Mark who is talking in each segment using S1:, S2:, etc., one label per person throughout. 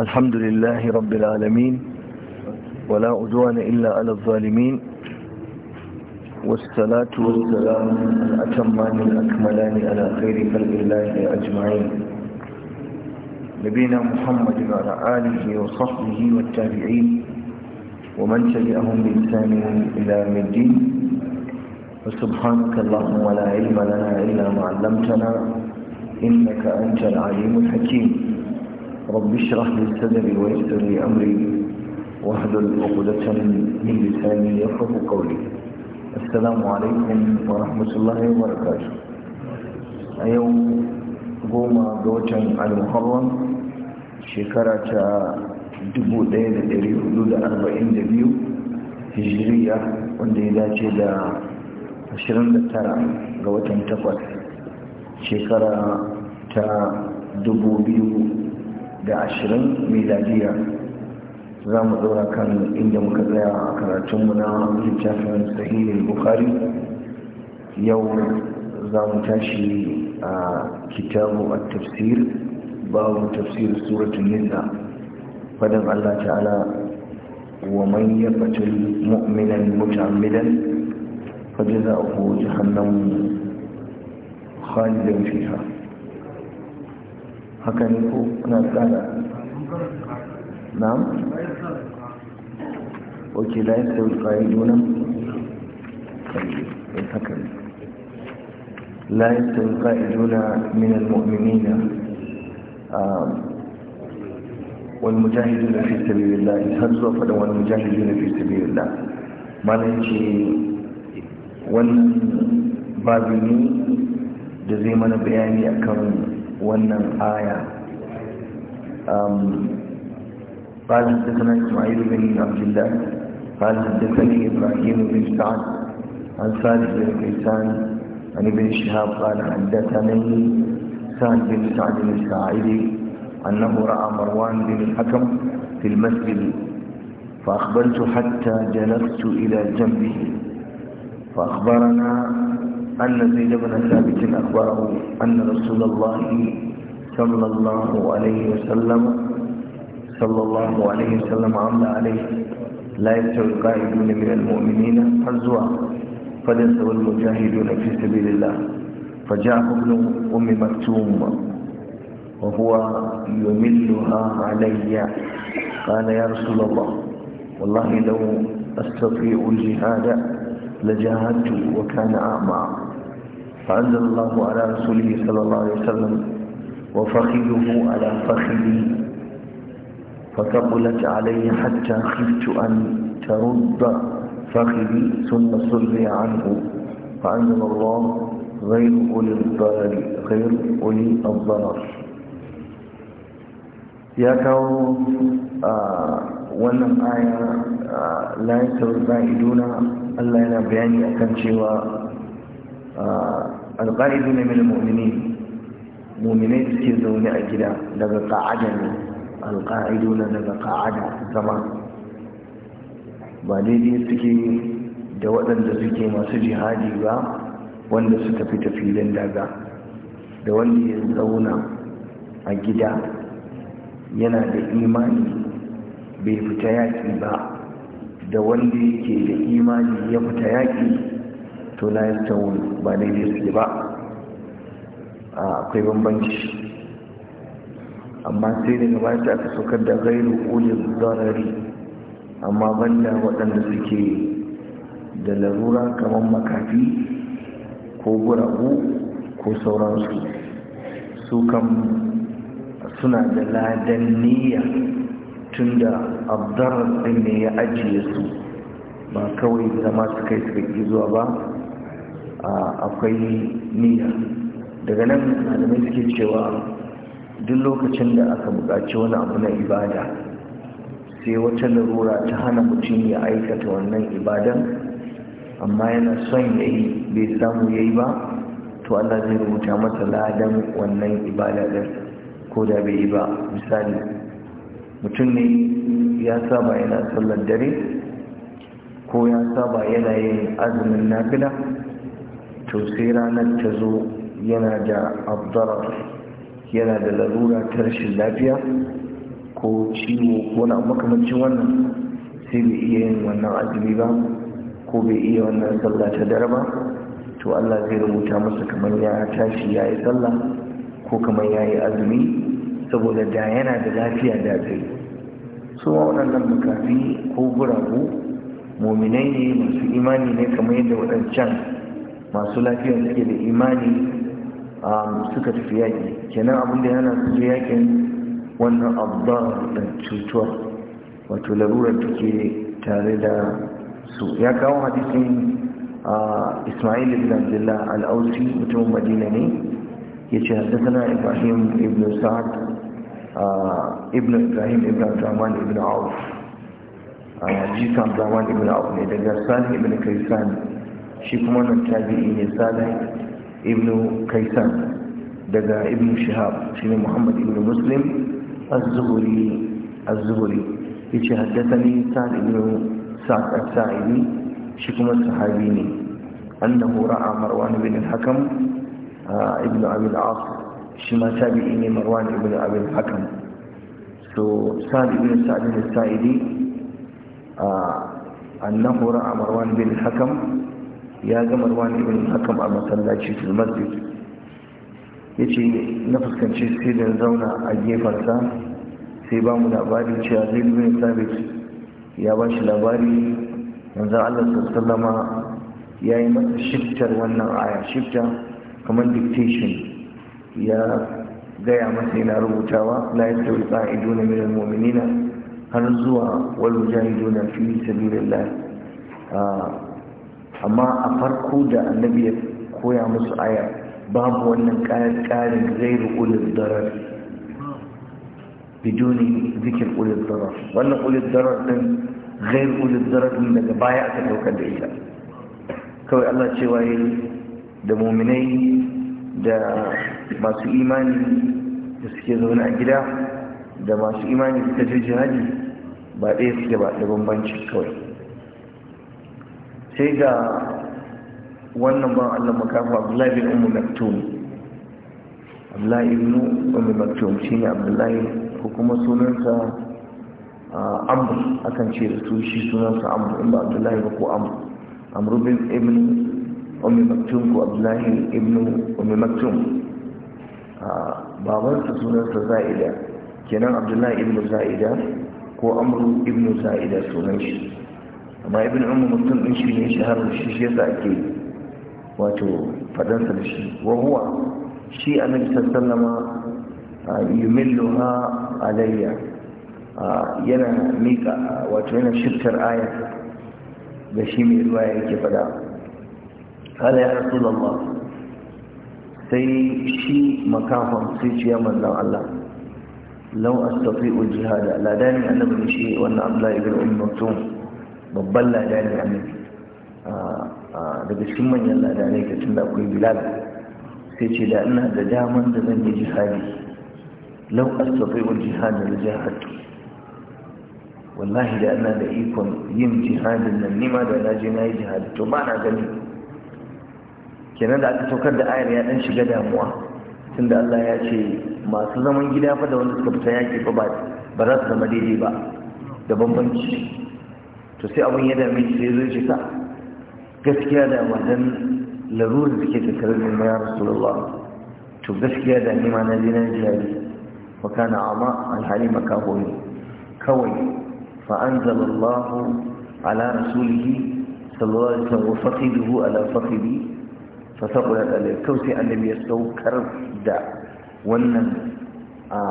S1: الحمد لله رب العالمين ولا أدوان إلا على الظالمين والصلاة والسلام الأتمان الأكملان على خير خلق الله أجمعين نبينا محمد وعلى آله وصحبه والتابعين ومن تبعهم بإنسان إلى مدين وسبحانك اللهم لا علم لنا إلا ما علمتنا إنك أنت العليم الحكيم رب اشرح لي صدري ويسر لي امري واحلل عقدة من لساني يفقه قولي السلام عليكم ورحمة الله وبركاته اليوم قوم دوجن المحرم شكرا تا دبو دين دري حدود أربعين دبيو هجرية وندي دا جدا عشرين دترا قوة انتفت شكرا تا دبو بيو da ashirin miladiya za mu ɗora kan inda muka tsaya a karatunmu na littafin sahihin bukari yau za mu tashi a kitabu a tafsir babu tafsir suratun nisa fadin allah ta'ala wa man yabatul mu'minan muta'ammidan fajza'uhu jahannam khalidan fiha haka ne ko kuna tsada na'am ok da ya sauyi nuna ɗin haka ne Layin ya sauyi nuna minan mu'minina والمجاهدون في سبيل الله هرزوا فدا والمجاهدون في سبيل الله malam ce wannan babu ne da zai mana bayani akan wannan aya um, قال حدثنا اسماعيل بن عبد الله قال حدثني ابراهيم بن سعد عن سالم بن كيسان عن ابن شهاب قال حدثني سعد بن سعد الساعدي انه راى مروان بن الحكم في المسجد فاخبرت حتى جلست الى جنبه فاخبرنا أن زيد بن ثابت أخبره أن رسول الله صلى الله عليه وسلم صلى الله عليه وسلم عمل عليه لا يستوي القائدون من المؤمنين أزوا فنسوا المجاهدون في سبيل الله فجاء ابن أم مكتوم وهو يملها علي قال يا رسول الله والله لو أستطيع الجهاد لجاهدت وكان أعمى فأنزل الله على رسوله صلى الله عليه وسلم وفخذه على فخذي فثقلت علي حتى خفت أن ترد فخذي ثم سري عنه فأنزل الله غير أولي الضرر غير أولي الضرر يا كو آه، wannan aya آه، لا yasrudna iduna Allah yana bayani akan cewa alƙa'idu ne mil mu'mini mu'minai suke zaune a gida daga ƙa'ada ne alƙa'idu na daga ƙa'ada zama ba daidai suke da waɗanda suke masu jihadi ba wanda suka fita filin daga da wanda ya zauna a gida yana da imani bai fita yaƙi ba da wanda yake da imani ya fita yaƙi to yi yastawun ba yi suke ba akwai bambanci amma sai da gaba ta aka saukar da gairu ulin zarari amma banda waɗanda suke da larura kamar makafi ko guragu ko sauransu su kan suna da ladan niyya tun da abdarar ɗin ne ya ajiye su ba kawai zama su kai suka ƙi zuwa ba akwai niyya daga nan malamai suke cewa duk lokacin da aka buƙaci wani abu na ibada sai wata larura ta hana mutum ya aikata wannan ibadan amma yana son ya yi bai samu ya yi ba to allah zai rubuta mata ladan wannan ibada ɗin ko da bai yi ba misali mutum ne ya saba yana sallar dare ko ya saba yana yin azumin nafila to sai ranar ta zo yana da abdara yana da larura ta rashin lafiya ko ciwo ko na makamancin wannan sai bai iya yin wannan azumi ba ko bai iya wannan sallah ta dare ba to Allah zai rubuta masa kamar ya tashi ya yi sallah ko kamar ya yi azumi saboda da yana da lafiya da zai su ma waɗannan makafi ko guragu mominai ne masu imani ne kamar yadda waɗancan masu lafiya suke da imani um, suka tafi yaƙi kenan abin da yana su je yaƙin wannan abdar da cutuwa wato larurar take tare da su ya kawo hadisin uh, ismail ibn abdullah al-ausi mutumin madina ne ya ce haddasa ibrahim ibn sa'ad uh, ibn ibrahim ibn abdurrahman ibn auf uh, jisan abdurrahman ibn auf ne daga sani ibn kaisan shi kuma nan tabi'i ne salih ibn kaisan daga ibn shihab shine muhammad ibn muslim az-zuhri az-zuhri yace haddathani sa'd ibn sa'd as-sa'idi shi kuma sahabi ne annahu ra'a marwan ibn al-hakam ah, ibn abi al-as shi ma tabi'i ne marwan ibn abi al-hakam so sa'd ibn sa'd as-sa'idi ah, annahu ra'a marwan ibn al-hakam ya ruwa ne ibn hakan a masallaci fil masjid yace na fuskanci sai zauna a gefensa sai ba mu labari cewa zai bin sabit ya ba shi labari yanzu Allah sallama ya yi masa shiftar wannan aya shifta kamar dictation ya gaya masa yana rubutawa la yastawi qa'iduna min al-mu'minina har zuwa wal mujahiduna fi sabilillah ah, amma a farko da annabi ya koya musu aya babu wannan ƙarin zairu ulil darar bidoni zikir ulil darar wannan ulil darar din zairu ulil darar din daga baya aka daukar da ita kawai allah cewa yi da muminai da masu imani da suke zaune a gida da masu imani da jihadi ba ɗaya suke ba da bambanci kawai sai ga wannan ba Allah makafa Abdullahi bin Ummu Maktum Abdullahi bin Ummu Maktum ne Abdullahi ko kuma sunansa Amr akan ce da su shi sunansa Amr in ba Abdullahi ba ko Amr Amr bin ibn Ummu Maktum ko Abdullahi bin Ummu Maktum babansa sunansa Za'ida kenan Abdullahi bin Za'ida ko Amr bin Za'ida sunan shi amma ibn umar mutum din shi ne shahar shi shi yasa ake wato fadansa da shi wa huwa shi annabi sallama ah, yumilluha alayya ah, yana mika wato yana shirkar aya da shi mai ruwa yake fada qala ya rasulullah sai shi makafan sai ciya manzon Allah law astati'u jihada ladani annabi shi wannan Abdullah ibn Umm mutum. babban lada ne annabi daga cikin manyan lada ne ta tun da akwai bilal sai ce da ina da daman da zan yi jihadi lau astafai wa jihadin da jihadu wallahi da ina da ikon yin jihadin nan nima da na je na yi jihadi to ba na gani kenan da aka saukar da ayar ya dan shiga damuwa tunda Allah ya ce masu zaman gida fa da wanda suka fita yaki fa ba ba za su zama daidai ba da bambanci to sai abin ya dame shi zai ce sa gaskiya da wadan larurar da ke tattare da mai rasulullah to gaskiya da ni ma na je na jihari wa kana amma alhali makaho ne kawai fa anzalallahu ala rasulihi sallallahu alaihi wasallam wa faqiduhu ala faqidi fa saqala alai kawai sai annabi ya saukar da wannan a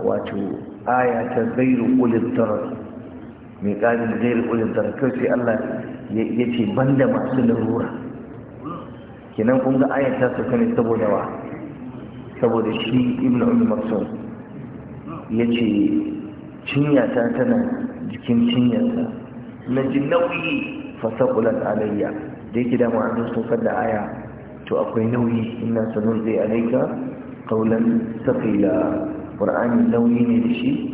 S1: wato aya ta zairu qulit tarar mai ƙarin gairi ulin tarakar sai Allah ya ce da masu larura kenan kun ga ayar ta sauka ne saboda wa saboda shi ibn umar maksum ya ce cinyata tana jikin cinyarsa na ji nauyi fasakulan alayya da yake dama an zo saukar da aya to akwai nauyi ina sanun zai alaika kaulan safila ƙur'ani nauyi ne da shi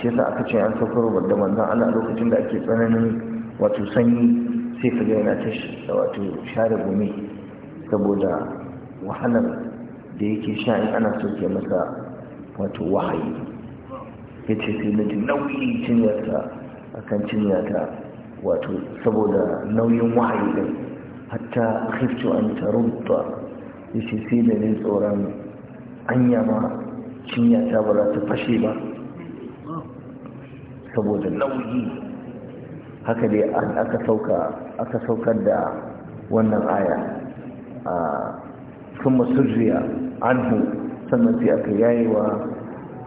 S1: shi yasa aka ce an saukar da manzan ana lokacin da ake tsananin wato sanyi sai ka ga yana da wato share gumi saboda wahalar da yake sha in ana soke masa wato wahayi ya ce sai na ji nauyi cinyarsa a kan cinyata wato saboda nauyin wahayi ɗin hatta haifto an tarubta ya ce sai da ne tsoron anya ma cinyata ba za ta fashe ba saboda nauyi haka dai aka sauka aka saukar da wannan aya a kuma an hu sannan sai aka yayewa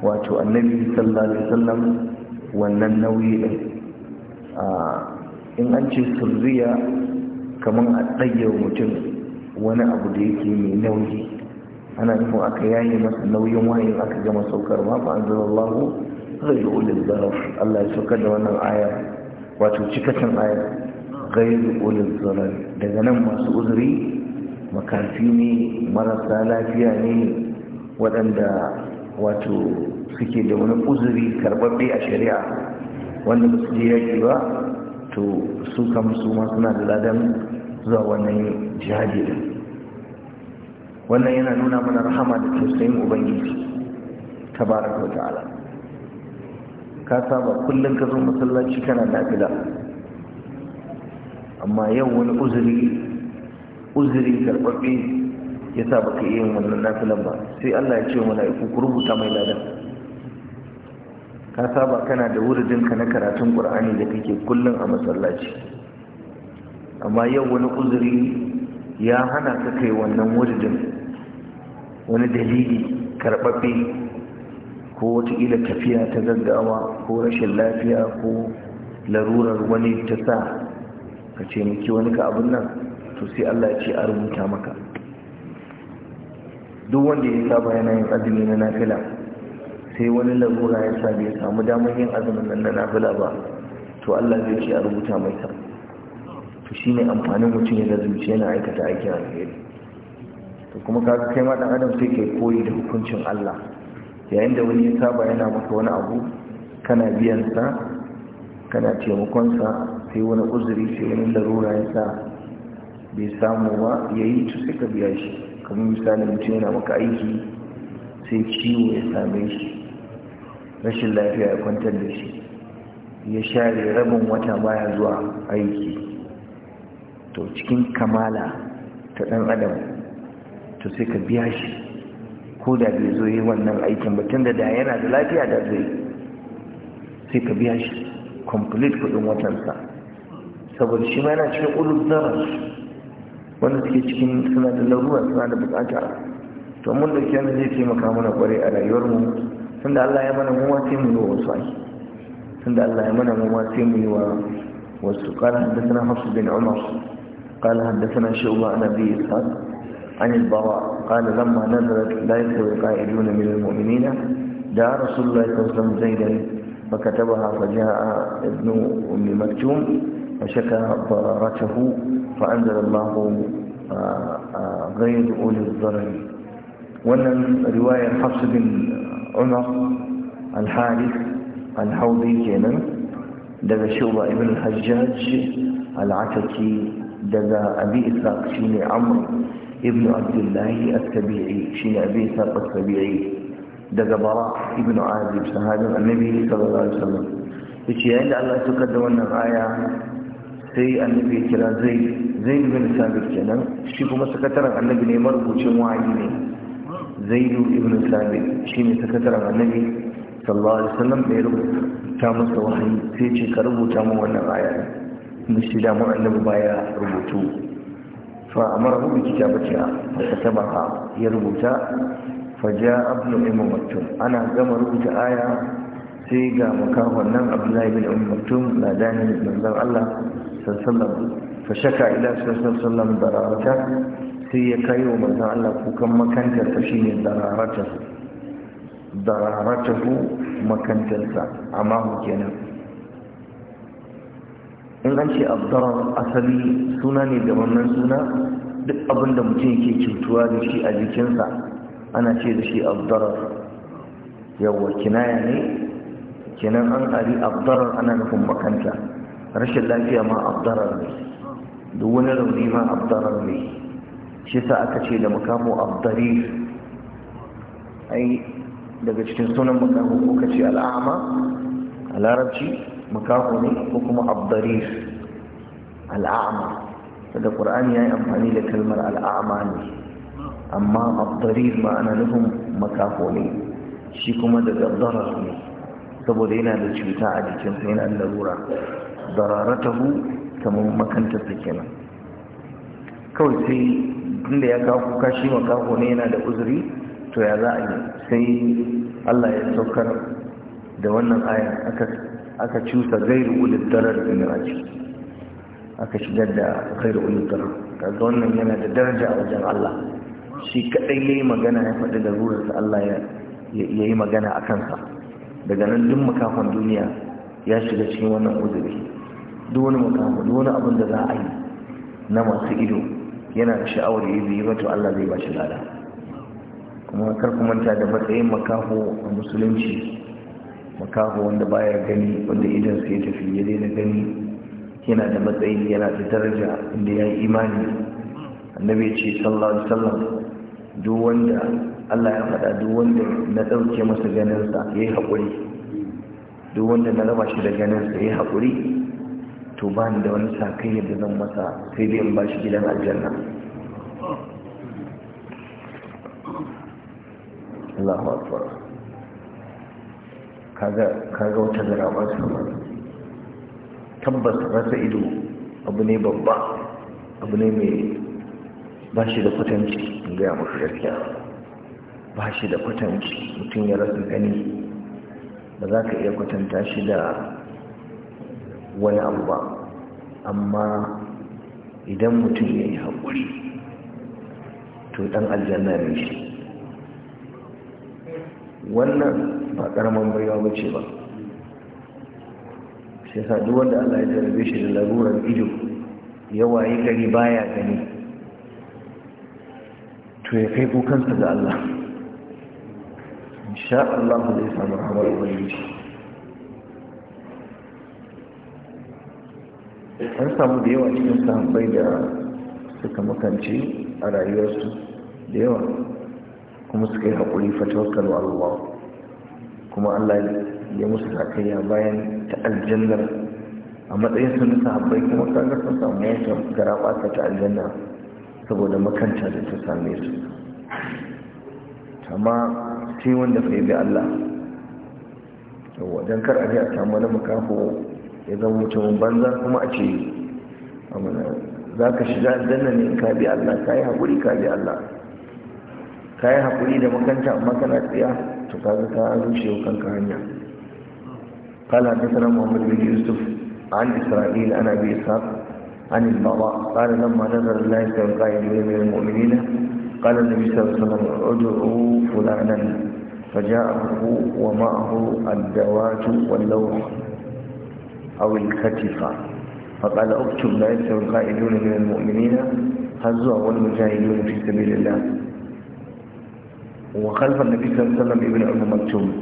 S1: wato annabi sallallahu alaihi wasallam wannan nauyi din in an ce surriya kaman a tsayyar mutum wani abu da yake mai nauyi ana nufin aka yaye masa nauyin wayin aka gama saukar ba an zama ghairu ulil zarar Allah ya saukar da wannan ayar wato cikakken ayar ghairu ulil zarar daga nan masu uzuri makafi ne marasa lafiya ne waɗanda wato suke da wani uzuri karɓaɓɓe a shari'a wanda ba je yaƙi ba to su kam su ma suna da ladan zuwa wannan jihadi ɗin wannan yana nuna mana rahama da tausayin ubangiji tabaraka wa ta'ala ka saba kullum ka zo masallaci kana nafila amma yau wani uzuri uzuri karɓaɓɓe ya sa baka iya yin wannan nafilan ba sai Allah ya ce wa mala'iku ku rubuta mai ladan ka saba kana da wuridinka na karatun ƙur'ani da kake kullum a masallaci amma yau wani uzuri ya hana ka kai wannan wuridin wani dalili karɓaɓɓe ko wata watakila tafiya ta gaggawa ko rashin lafiya ko larurar wani ta sa ka ce miki wani ka abin nan to sai Allah ce a rubuta maka duk wanda ya saba yana yin azumi na nafila sai wani larura ya sa bai samu damar yin azumin nan na nafila ba to Allah zai ce a rubuta mai sa to shine amfanin mutum ya zuci yana aikata aikin alheri to kuma kaga kai ma dan adam sai ke koyi da hukuncin Allah yayin da wani ya saba yana maka wani abu kana biyan sa, kana taimakonsa sai wani uzuri sai wani larura ya sa bai samu ba ya yi sai ka biya shi kamar misalin mutum yana maka aiki sai ciwo ya same shi rashin lafiya ya kwantar da shi ya share rabin wata baya zuwa aiki to cikin kamala ta ɗan adam to sai ka biya shi ko da bai zo yi wannan aikin ba tunda da yana da lafiya da zai sai ka biya shi complete kudin watansa saboda shi ma yana cikin ulul zarar wanda suke cikin suna da laruwa suna da bukata to mun da kyan zai taimaka mana kwarai a rayuwarmu tunda Allah ya mana mun ma mu yi wa wasu ai tunda Allah ya mana mun ma mu yi wa wasu qala hadathana hafs bin umar qala hadathana shu'ba an abi ishaq عن البراء قال لما نزلت لا يستوي القائلون من المؤمنين دعا رسول الله صلى الله عليه وسلم زيدا فكتبها فجاء ابن أم مكتوم فشكى ضررته فأنزل الله غير أولي الضرر wannan riwayar hafsu bin umar al-harith al-haudi kenan daga shuba ibn hajjaj al-ataki daga abi ishaq shine amr ibn abdullahi al-tabi'i shine abi sa'd al-tabi'i daga bara ibn azib sahabin annabi sallallahu alaihi wasallam yace yayin da Allah ya saukar da wannan aya sai annabi ya kira zai zai bin sabit kenan shi kuma sakataren annabi ne marubucin wahayi ne zaidu ibn sabit shi ne sakataren annabi sallallahu alaihi wasallam da ya rubuta masa wahayi sai ce ka rubuta mu wannan aya ne shi da mu annabi baya rubutu fa amara hu bi kitabatiha da katabaha ya rubuta fa jaa ibnu imam ana gama rubuta aya sai ga makahon nan abu abdullahi bin umar maktum na danin manzon Allah sallallahu fa shaka ila sallallahu sallam dararata sai ya kai wa manzon Allah kukan makantar ta shine dararata dararata ku makantar amma mu kenan in an ce abdarar asali suna ne da wannan suna duk abinda mutum yake cutuwa da shi a jikinsa ana ce da shi abdarar yawwa kinaya ne kinan an ari abdarar ana nufin makanta rashin lafiya ma abdarar ne duk wani rauni ma abdarar ne shi sa aka ce da makamo abdari ai daga cikin sunan makamo ko ka kace al'ama a larabci makaho ne ko kuma abdarir al'ama daga ƙur'ani ya yi amfani da kalmar al'ama ne amma abdarir ma ana nufin makaho ne shi kuma daga darar ne saboda yana da cuta a jikinsa yana da larura dararatahu kamar makantar ta kenan kawai sai inda ya kawo kuka shi makaho ne yana da uzuri to ya za a yi sai Allah ya saukar da wannan aya aka aka cusa gairu ulil tarar din a ciki aka shigar da gairu ulil kaga wannan yana da daraja a wajen Allah shi kadai ne magana ya faɗi da rurar Allah ya yayi magana a kansa daga nan duk makafan duniya ya shiga cikin wannan uzuri duk wani makafa duk wani abin da za a yi na masu ido yana da sha'awar yi biyu wato Allah zai ba shi lada kuma kar ku manta da matsayin makafo a musulunci makaho wanda baya gani wanda idan su ya tafi ya daina gani yana da matsayi yana da daraja inda ya yi imani annabi ce sallallahu alaihi wasallam duk wanda Allah ya faɗa duk wanda na ɗauke masa ganinsa ya yi haƙuri duk wanda na raba shi da ganinsa ya yi haƙuri to ba ni da wani sakai yadda zan masa sai dai in ba shi gidan aljanna Allahu Akbar Ka ga wata zarawa sama tabbas rasa ido abu ne babba abu ne mai ba shi da kwatanci gaya musu gaskiya ba shi da kwatanci mutum ya rasa gani ba za ka iya kwatanta shi da wani abu ba amma idan mutum ya yi haƙuri to ɗan aljanna ne shi wannan ba karamin baiwa ba ce ba sai sadu wanda Allah ya jarabe shi da larurar ido ya waye gari baya gani to ya kai kukansa ga Allah insha Allah zai samu rahmar ubangiji an samu da yawa cikin sahabbai da suka makance a rayuwarsu da yawa kuma suka yi haƙuri kalwar Allah kuma Allah ya musu takayya bayan ta aljannar a matsayin sun sahabbai kuma kaga sun samu yankin garabata ta aljanna saboda makanta da ta same su amma sai wanda fa bi Allah wajen kar a ji a samu wani makafo ya zama mutumin banza kuma a ce za ka shiga aljanna ne ka bi Allah ka yi haƙuri ka bi Allah ka yi haƙuri da makanta amma kana tsiya to kaga ka rushe wa kanka hanya قال حدثنا محمد بن يوسف عن إسرائيل عن أبي إسحاق عن البراء قال لما نزل الله يستوي القائلين من المؤمنين قال النبي صلى الله عليه وسلم ادعوا فلانا فجاءه ومعه الدوات واللوح أو الكتفة فقال اكتب لا يستوي القائدون من المؤمنين هزوا والمجاهدون في سبيل الله وخلف النبي صلى الله عليه وسلم ابن أم مكتوم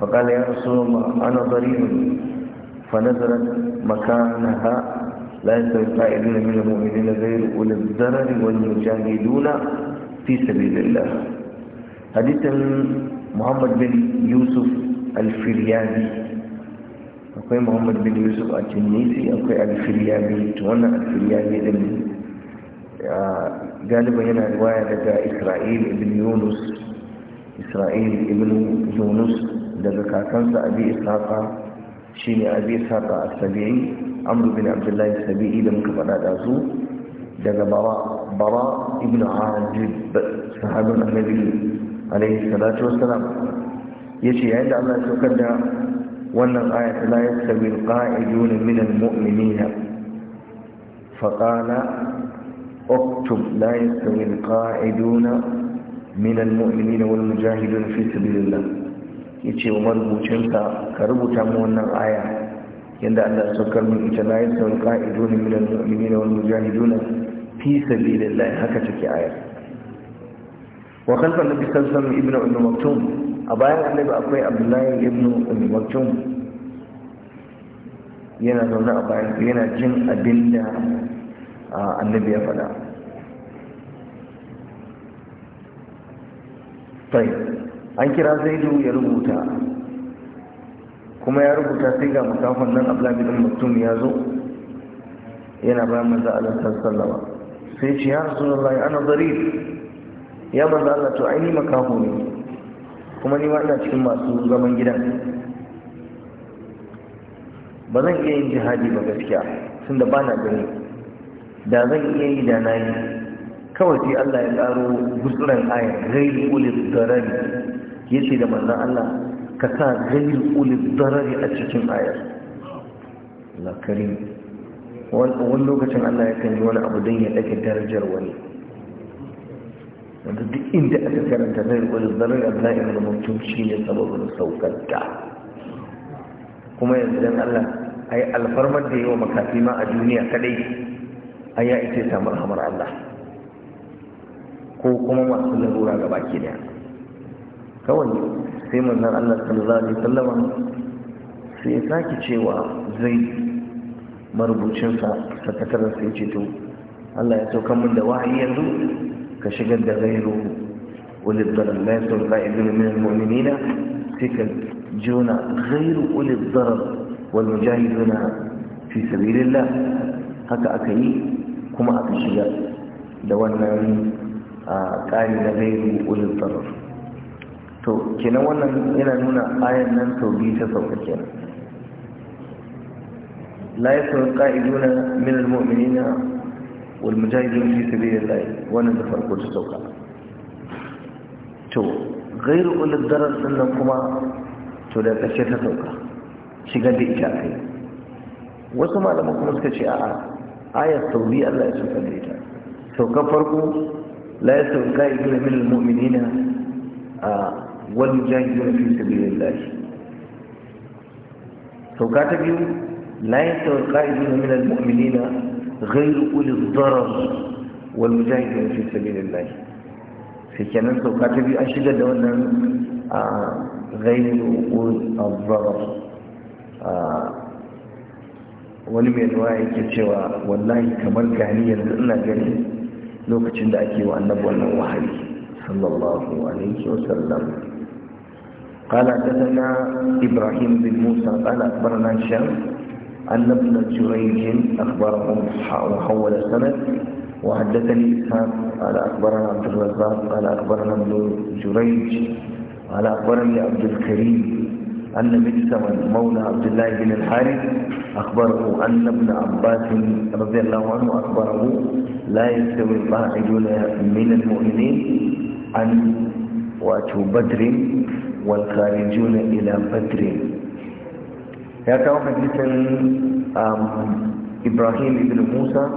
S1: فقال يا رسول الله أنا ضريب فنزلت مكانها لا يستوي القائلون من المؤمنين غير أولي الضرر والمجاهدون في سبيل الله حديث محمد بن يوسف الفريابي أقول محمد بن يوسف التنيسي أقول الفريابي تونا الفريابي غالبا آه، هنا رواية لدى إسرائيل بن يونس إسرائيل ابن يونس دقا كنس أبي إسحاق شيني أبي إسحاق السبيعي عمرو بن عبد الله السبيعي لم كفر دازو دقا براء براء ابن عاجب صحاب النبي عليه الصلاة والسلام يشي عند الله سكدا وأن الآية لا يستوي القاعدون من المؤمنين فقال اكتب لا يستوي القاعدون من المؤمنين والمجاهدين في سبيل الله yace wa marubucinka ka rubuta mu wannan aya yanda Allah ya saukar min ita la yasul qa'idun min al-mu'minin wal mujahidun fi sabilillah haka take ayar wa khalfa nabi sallallahu alaihi wasallam ibnu ummu maktum a bayan annabi akwai abdullahi ibnu ummu maktum yana zaune a bayan yana jin abinda annabi ya faɗa sai an kira zaidu ya rubuta kuma ya rubuta sai ga musamman nan abdullahi mutum ya zo yana bayan manzo Allah sallama sai ce ya rasulullahi ana zarif ya manzo Allah to ai ni makaho ne kuma ni ma ina cikin masu zaman gidan ba zan iya yin jihadi ba gaskiya da ba na gani da zan iya yi da na yi kawai sai Allah ya karo gutsuran ayar gairu ulil darari ya ce da manzan Allah ka sa gairu ulil darari a cikin ayar lakarin wani lokacin Allah ya kan yi wani abu don ya ɗake darajar wani wanda duk inda aka karanta zai wani a abna'in da mutum shi ne sababin saukarta kuma yanzu don Allah a yi alfarmar da yi wa makafi ma a duniya kadai a ya ita samun hamar Allah ko kuma masu larura ga baki daya kawai sai manzan Allah sallallahu alaihi wasallama sai ya sake cewa zai marubucinsa sakataren sai ce to Allah ya saukan min da wahayi yanzu ka shigar da gairu ulil darar la yasul qa'idun min almu'minina sai ka jona gairu ulil darar wal mujahiduna fi sabilillah haka aka yi kuma aka shiga da wannan a ƙari na gairu ulin tsarar to kenan wannan yana nuna ayan nan sau biyu ta sauka kenan la ya sauka ƙa'iduna min al-mu'minina wal mujahidin fi lai wannan da farko ta sauka to gairu ulin tsarar sannan kuma to da ƙarshe ta sauka shiga da ita kai wasu malamai kuma suka ce a'a ayar sau Allah ya sauka da ita saukar farko لا يستوي القائدون من المؤمنين والمجاهدون في سبيل الله سوكات بيو لا يستوي القائدون من المؤمنين غير أولي الضرر والمجاهدون في سبيل الله في كنان سوكات بيو أشد دونا غير أولي الضرر wani mai ruwa yake cewa wallahi kamar gani yanzu ina gani lokacin da ake wa annabi wannan wahayi sallallahu alaihi wasallam قال حدثنا إبراهيم بن موسى قال أخبرنا هشام أن ابن جريج أخبرهم وحول السند وحدثني إسحاق قال أخبرنا عبد الرزاق قال أخبرنا ابن جريج قال أخبرني عبد الكريم أن بجسما مولى عبد الله بن الحارث أخبره أن ابن عباس رضي الله عنه أخبره لا يستوي القاعدون من المؤمنين عن واتوا بدر والخارجون إلى بدر يكاو حديث إبراهيم بن موسى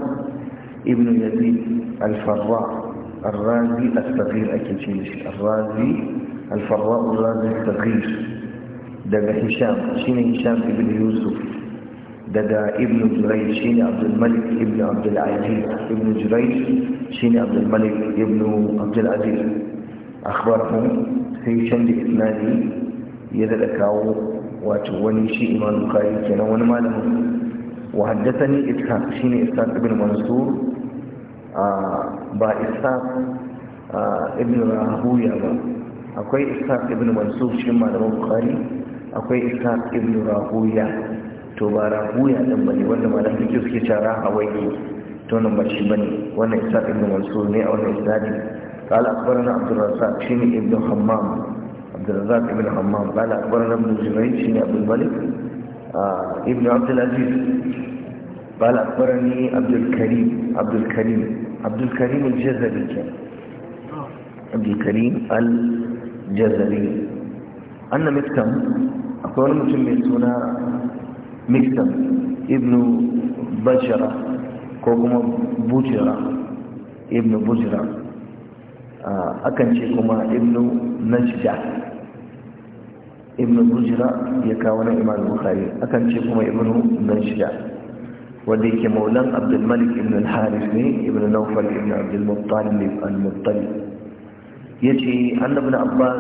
S1: ابن يزيد الفراء الرازي الصغير أكيد شيء الرازي الفراء الرازي الصغير ده هشام شنو هشام ابن يوسف daga ibn jurai shine Abdulmalik, malik ibn abdul aziz ibn jurai shine abdul malik ibn abdul aziz akhbarahum sai canza isnadi ya da kawo wato wani shi imam bukhari kenan wani malamin wa haddathani ishaq shine ishaq ibn mansur ba ishaq ibn rahuya ba akwai ishaq ibn mansur shi malamin bukhari akwai ishaq ibn rahuya to ba rahuya ɗin ba ne wanda malam fiƙi suke cara a waje to nan ba shi ba ne wannan isa ibn mansur ne a wannan isnadi قال أخبرنا عبد الرزاق شيني ابن حمام عبد الرزاق ابن حمام قال أخبرنا ابن جريج شيني أبو الملك ابن عبد العزيز قال أخبرني عبد الكريم عبد الكريم عبد الكريم الجزري كان عبد الكريم الجزري أن مكتم أقول مثل من سنة mixam ibn bajara ko kuma bujira ibn bujira akan ce kuma ibn najda ibn bujira ya kawo na imam bukhari akan ce kuma ibn najda wanda yake maulan abdulmalik ibn al-haris ne ibn naufal ibn abdulmuttalib al-muttalib ya ce annabin abbas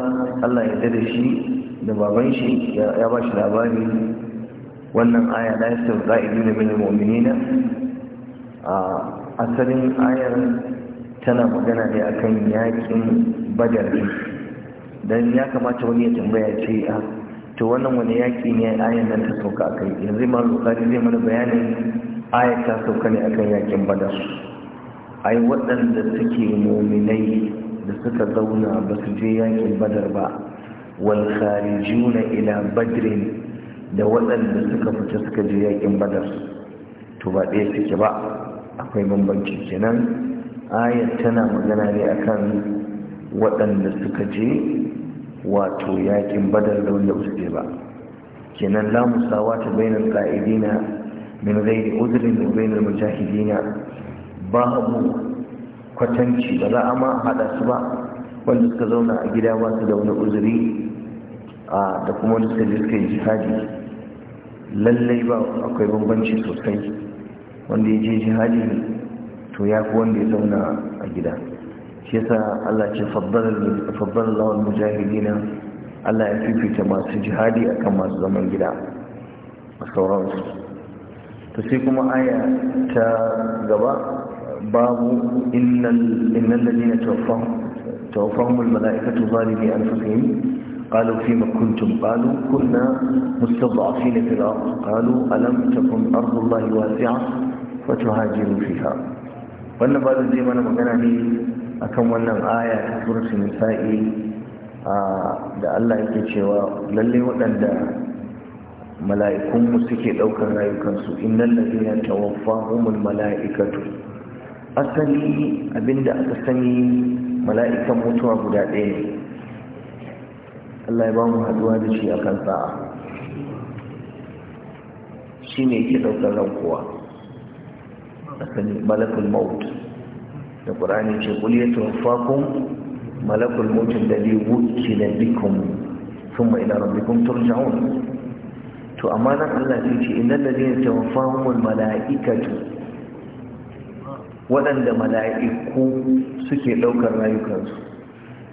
S1: allah ya dada shi da baban shi ya ba shi labari wannan aya la yastawil qa'iduna min al-mu'minina a asalin ayar tana magana ne akan yakin badar dan ya kamata wani ya tambaya ce a ah, to wannan wani yaki ne ayar nan ta sauka akai yanzu ma bukari zai mana bayanin ayar ta sauka ne akan yakin badar ai waɗanda suke muminai da suka zauna ba su je yakin badar ba wal kharijuna ila badrin da waɗanda suka fita suka je yakin badar to ba ɗaya suke ba akwai bambanci kenan ayat tana magana ne akan waɗanda suka je wato yakin badar da wanda su je ba kenan la ta bainar qa'idina min ghairi udrin wa bainal mujahidina babu kwatanci ba za a ma haɗa su ba wanda suka zauna a gida ba su da wani uzuri da kuma wanda suka je suka yi jihadi lallai ba akwai bambanci sosai wanda ya je jihadi to ya fi wanda ya zauna a gida shi yasa Allah ce faddala lawan mujahidina Allah ya fifita masu jihadi akan masu zaman gida a sauransu sai kuma aya ta gaba babu innal ladina na tawaffahum al mala'ikatu zalimi anfusihim قالوا فيما كنتم قالوا كنا مستضعفين في الأرض قالوا ألم تكن أرض الله واسعة فتهاجروا فيها wannan ba zai mana magana ne akan wannan aya ta suratul nisa'i da Allah yake cewa lalle waɗanda mala'ikunmu suke ɗaukar rayukansu innal ladina tawaffahumul mala'ikatu asali abinda aka sani mala'ikan mutuwa guda ɗaya ne Allah ya ba mu haduwa da shi akan sa'a shi ne yake daukar rankuwa asali malakul maut da qur'ani ce qul yatawaffakum malakul maut alladhi wukila bikum thumma ila rabbikum turja'un to amma nan Allah ya ce innal ladina tawaffahumul malaikatu waɗanda mala'iku suke ɗaukar rayukansu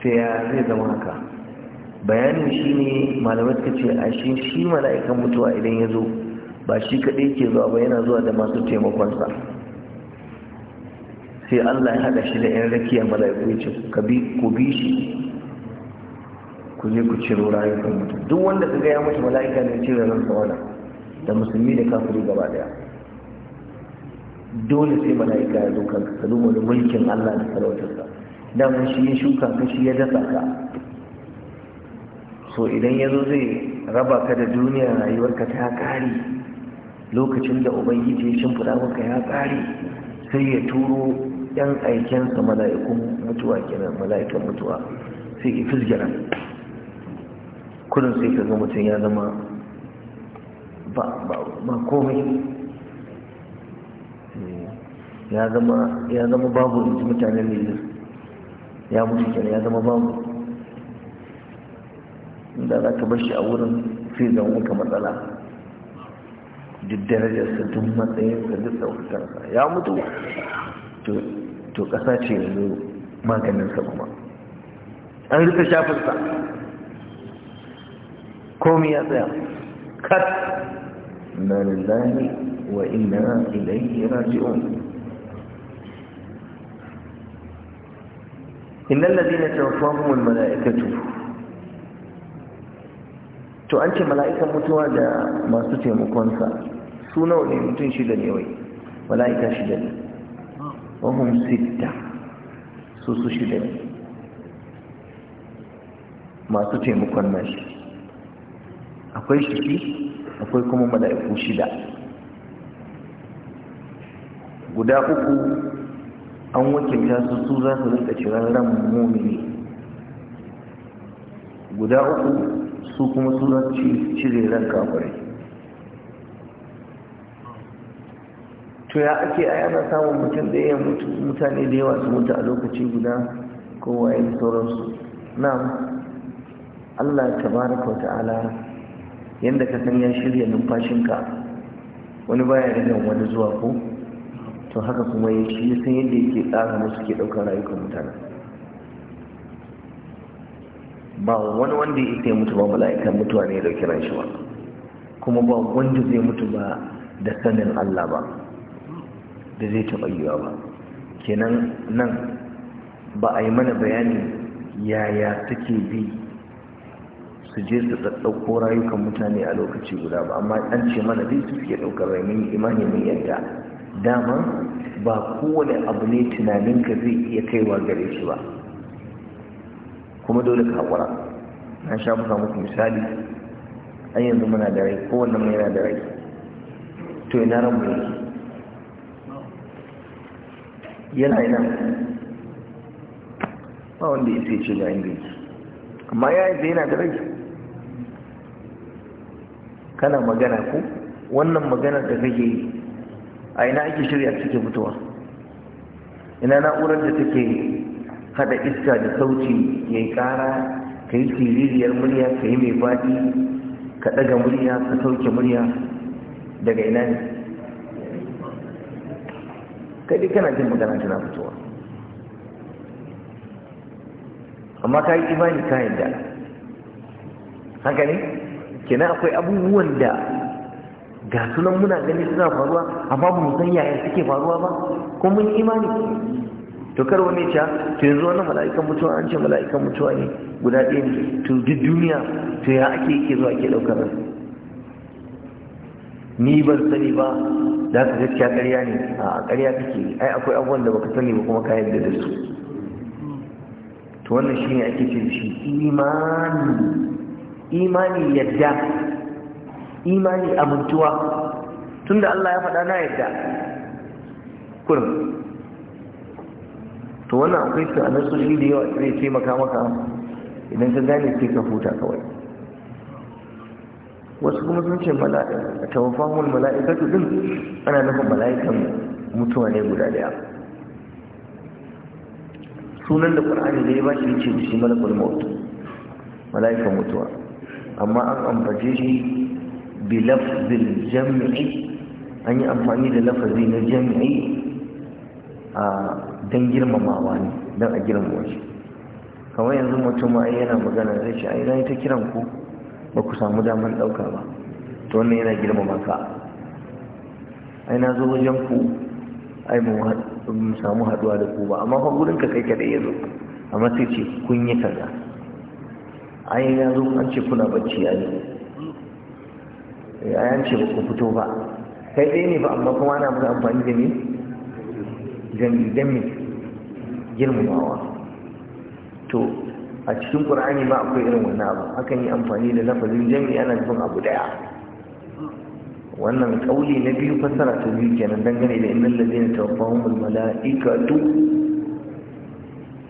S1: sai ya zai zama haka bayanin shi ne malamai suka ce a shi shi mala'ikan mutuwa idan ya zo ba shi kaɗai ke zuwa ba yana zuwa da masu taimakonsa sai allah ya haɗa shi da 'yan rakiya mala'iku ya ce ku bi shi ku je ku ciro rayukan mutum duk wanda ka gaya mashi mala'ika ne cire ransa wannan da musulmi da kafiri gaba daya dole sai mala'ika ya zo kanka ka wani mulkin Allah da sarautarsa dama shi ya shuka ka shi ya dasa ka so idan ya zo zai raba ka da duniya rayuwarka ta ƙare lokacin da ubangiji ya shimfiɗa maka ya ƙare sai ya turo yan aikensa mala'ikun mutuwa kenan mala'ikan mutuwa sai ya fizgira kudin sai ka ga mutum ya zama ba komai eh, ya zama babu mutanen ne ya mutu kenan ya zama babu inda za ka bashi a wurin sai zama maka matsala duk darajarsa duk matsayin matsayinsa duk ɗaukakarsa ya mutu to kasa ce yanzu maganin sa kuma an rufe shafinsa komi ya tsaya kat na lillahi wa inna ilaihi raji'un إن الذين توفاهم الملائكة to an ce mala'ikan mutuwa da masu taimakonsa su nawa ne mutum shida ne wai mala'ika shida ne wahum sita su su shida ne masu taimakon nashi akwai shi akwai kuma mala'iku shida guda uku an wakilta su su za su rinka ciran ran mumini guda uku su kuma suna cire ran kafirai to ya ake a yana samun mutum da ya mutane da yawa su mutu a lokaci guda kowa ya sauransu na allah ta wa ta'ala yadda ka san ya shirya numfashinka wani baya rigan wani zuwa ko to haka kuma ya shi san yadda yake tsara musu ke ɗaukar rayukan mutane ba wani wanda ya isa mutu ba mala'ikan mutuwa ne da kiran shi ba kuma ba wanda zai mutu ba da sanin Allah ba da zai taɓa yiwa ba kenan nan ba a yi mana bayani yaya take bi su je su ɗaɗɗauko rayukan mutane a lokaci guda ba amma an ce mana dai su suke ɗaukar rai imani mai yadda dama ba kowane abu ne tunaninka zai iya kaiwa gare shi ba kuma dole ka haƙura na sha muka muku misali an yanzu muna da rai kowanne mai yana da rai to ina ran mu yana yana. ba wanda ya sai ce ga inda yake amma ya yanzu yana da rai kana magana ko wannan magana da kake yi a ina ake shirya take fitowa ina na'urar da take haɗa iska da sauti ya yi ƙara ka yi siririyar murya ka yi mai faɗi ka ɗaga murya ka sauke murya daga ina ne kaɗi kana jin magana tana fitowa amma ka yi imani ka yadda haka ne kenan akwai abubuwan da ga sunan muna gani suna faruwa amma mu san yaya suke faruwa ba Ko mun imani to kar wani ce to yanzu wannan mala'ikan mutuwa an ce mala'ikan mutuwa ne guda ɗaya ne to duk duniya to ya ake yake zuwa ke ɗaukar rai ni ban sani ba da ka gaskiya ƙarya ne a ƙarya kake ai akwai abubuwan da baka sani ba kuma ka yarda da su to wannan shine ake ce shi imani imani yadda imani amintuwa tunda Allah ya faɗa na yadda kurum to wannan akwai su a shi da yawa zai ce maka maka idan ka gane ce ka huta kawai wasu kuma sun ce mala'ika su din ana nufin mala'ikan mutuwa ne guda daya sunan da ƙwar'ani da ya ba shi ce shi malakul maut mala'ikan mutuwa amma an ambace shi bi lafzin jami'i an yi amfani da lafazi na jam'i a don girmamawa ne don a girmama shi kamar yanzu mutum ai yana magana zai ce ai zai ta kiran ku ba ku samu damar ɗauka ba to wannan yana girmama ka ai na zo wajen ku ai mu samu haɗuwa da ku ba amma fa gurin ka kai ka da yanzu. amma sai ce kun yi kaza ai ya zo an ce kuna bacci ya yi eh, ai an ce ba ku fito ba kai ɗaya ne ba amma kuma ana musu amfani da ne jami'in girmamawa to a cikin qur'ani ma akwai irin wannan abu akan yi amfani da lafazin jami ana nufin abu daya wannan kauli na biyu fassara ta biyu kenan dangane da innal ladina tawaffahumul ikatu.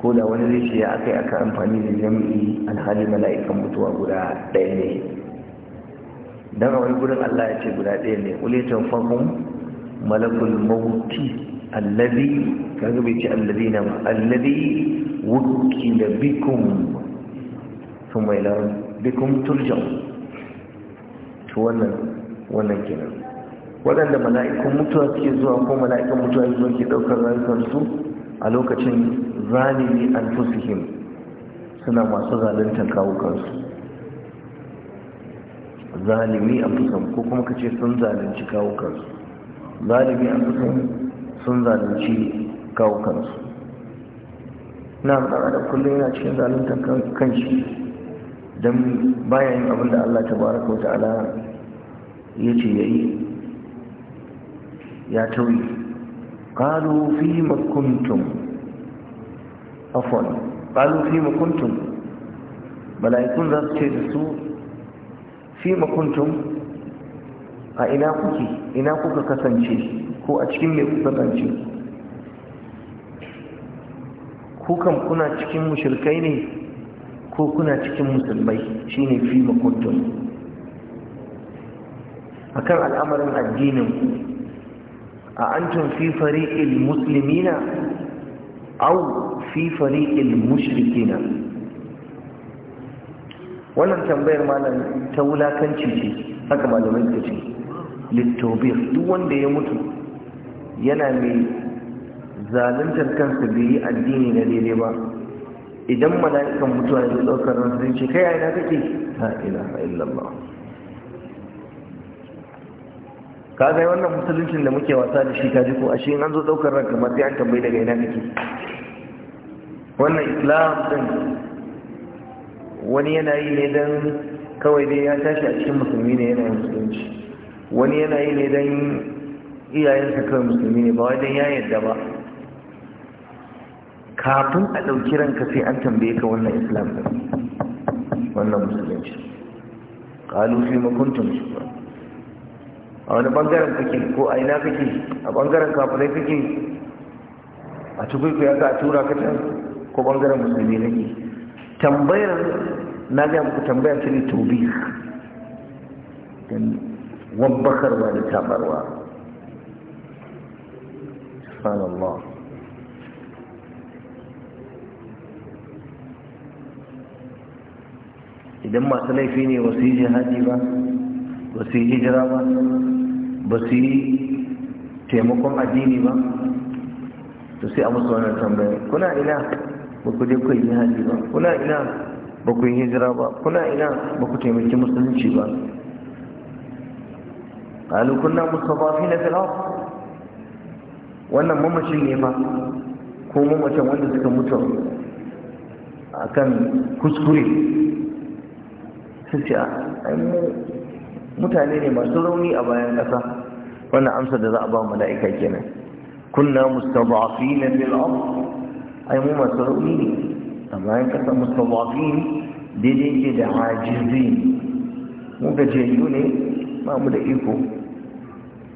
S1: ko da wani zai ce ya akai aka amfani da jami'i alhali mala'ikan mutuwa guda ɗaya ne don a wani gurin Allah ya ce guda ɗaya ne ulitan fahim malakul mauti allazi kaga bai ce alladina ba alladi wukila bikum thumma ila bikum turja'un to wannan wannan kenan waɗanda mala'ikun mutuwa suke zuwa ko mala'ikun mutuwa zuwa ke ɗaukar rayukansu a lokacin zalimi an fusihim suna masu zaluntar kawukansu zalimi an fusan ko kuma ka ce sun zalunci kawukansu zalimi an fusan sun zalunci kawo kansu na da da kullum yana cikin zalunta kanshi don bayan abin da Allah ta baraka wa ala ya ce ya yi ya tauyi ƙalu fi makuntun afon ƙalu fi makuntun mala'ikun za su ce da su fi makuntun a ina kuke ina kuka kasance ko a cikin mai kuka kasance kukan kuna cikin mushirkai ne ko kuna cikin musulmai shine fi makuntun akan al'amarin addinin ku a antum fi fariqil muslimina aw fi fariqil mushrikina wannan tambayar malam ta wulakanci ce haka malamai suka ce littobir duk wanda ya mutu yana mai zaluntar kansu bai yi addini na daidai ba idan mala'ikan mutuwa ya zo ɗaukar ransu zai ce kai a ina kake la ilaha illallah ka ga wannan musuluncin da muke wasa da shi kaji ko A shi an zo ɗaukar ran kamar sai an tambayi daga ina kake wannan islam din wani yana yi ne don kawai dai ya tashi a cikin musulmi ne yana musulunci wani yana yi ne don iyayensa kawai musulmi ne ba wai don ya yarda ba kafin a ɗauki ranka sai an tambaye ka wannan islam ɗin wannan musulunci ƙalu fi makuntun shi a wani ɓangaren kake ko a ina kake a ɓangaren kafirai kake a tukwaiku ya ka a tura ka can ko ɓangaren musulmi nake tambayar na ga muku tambayar ta ne tobi don wabbakarwa da tabarwa subhanallah idan masu laifi ne ba su yi jihadi ba ba su yi hijira ba ba su yi taimakon addini ba to sai a musu wannan tambaya kuna ina ba ku je kai yi jihadi ba kuna ina ba ku yi hijira ba kuna ina ba ku taimaki musulunci ba قالوا kunna مستضعفين fil ard wannan mamacin ne ba? ko mamacin wanda suka mutu akan kuskure sun ce mutane ne masu rauni a bayan ƙasa wannan amsa da za a ba mala'ika kenan kunna mustada'afin fil ard ai mu masu rauni ne a bayan ƙasa mustada'afin daidai ke da hajizi mu gajiyayyu ne ba mu da iko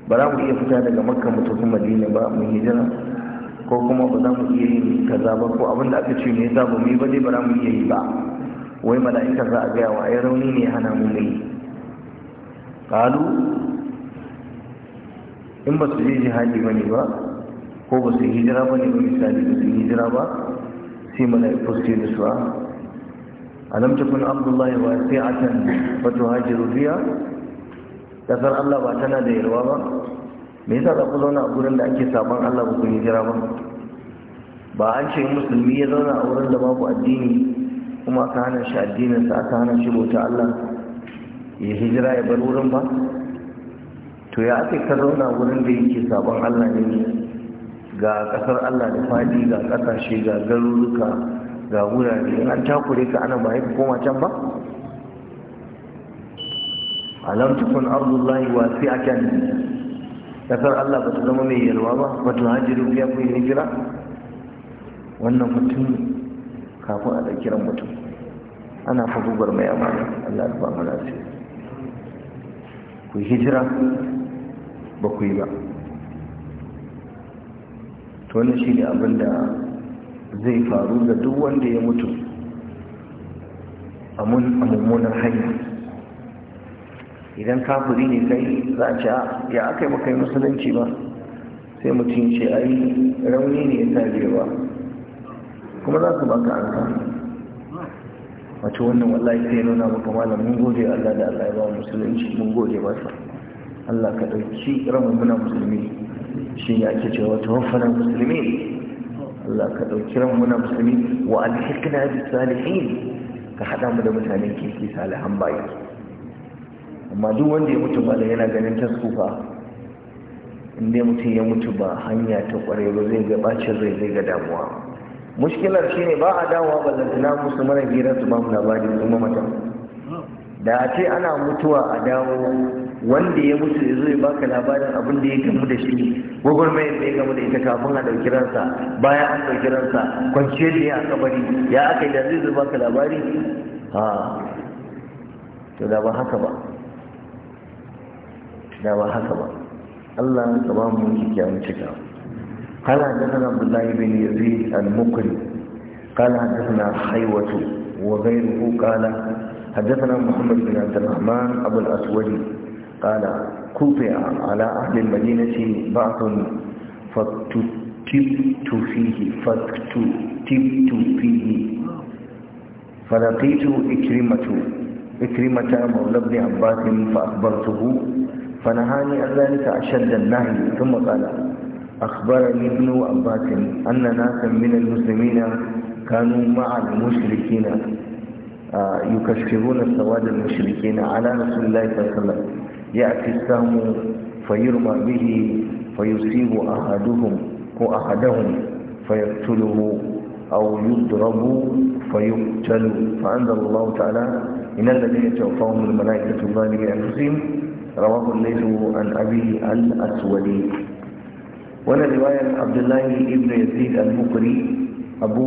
S1: ba za mu iya fita daga makka mu tafi madina ba mu hijira ko kuma ba za mu iya yin kaza ba ko abin da aka ce me yasa ba mu yi ba dai ba za mu iya yi ba wai mala'ika za a gaya wa ai rauni ne hana mu mai Kalu. in ba su je jihadi ba ne ba ko ba su hijira ba ne ba misali ba su hijira ba sai mala'ikar su da su a ta takun abdullahi wa sai'atan wa tuhajiru biya kasar Allah ba tana da yarwa ba me yasa za ku zauna a gurin da ake saban Allah ba ku hijira ba ba an ce musulmi ya zauna a wurin da babu addini kuma aka hana shi addininsa aka hana shi bauta Allah ya hijira ya bar wurin ba to ya ake ka zauna wurin da yake sabon Allah ne ga kasar Allah da fadi ga kasashe ga garuruka ga wurare in an takure ka ana ba ka koma can ba alam tukun ardullahi wasi'atan kasar Allah ba ta zama mai yalwa ba ba ta hajiru ya ku hijira wannan mutum kafin a ɗauki mutum ana fagubar mai amana Allah ya ba mu lafiya ku hijira ba ku yi ba to wannan shine abin da zai faru ga duk wanda ya mutu a mummunar hanya idan kafiri ne kai za a ce ah, ya aka yi maka yi musulunci ba sai mutum ce ai rauni ne ya tabewa kuma za su baka an wato wannan wallahi sai nuna maka malam mun gode Allah da Allah ya ba musulunci mun gode masa Allah ka ɗauki ramin muna musulmi shi ne ake cewa tawaffana musulmi Allah ka ɗauki ramin muna musulmi wa alhikna bi salihin ka haɗa mu da mutanen kirki salihan bayi amma duk wanda ya mutu ba da yana ganin taskufa in dai mutum ya mutu ba hanya ta ƙware ba zai ga bacin rai zai ga damuwa mushkilar shine ba a dawowa ballantana musu mana hirar su bamu labarin su mata da a ce ana mutuwa a dawo wanda ya mutu ya zo ya baka labarin abin da ya gamu da shi gwagwarmayar da ya gamu da ita kafin a ɗauki ransa bayan an ɗauki ransa kwanciyar da a kabari ya aka yi da zai zo baka labari ha to da ba haka ba da ba haka ba Allah ka ba mu kyakkyawan cikawa قال حدثنا عبد الله بن يزيد المقري قال حدثنا حيوة وغيره قال حدثنا محمد بن عبد الرحمن أبو الأسود قال كوفع على أهل المدينة بعث فاكتبت فيه فاكتبت فيه فلقيت إكرمة إكرمة مولى بن عباس فأخبرته فنهاني عن ذلك أشد النهي ثم قال أخبرني ابن أباك أن ناسا من المسلمين كانوا مع المشركين آه، يكشفون سواد المشركين على رسول الله صلى الله عليه وسلم يأتي السهم فيرمى به فيصيب أحدهم هو أحدهم فيقتله أو يضرب فيقتل فأنزل الله تعالى إن الذين توفاهم الملائكة الظالمين أنفسهم رواه الليث عن أبي الأسود wani riwayar abdullahi ibn yazid al mukri abu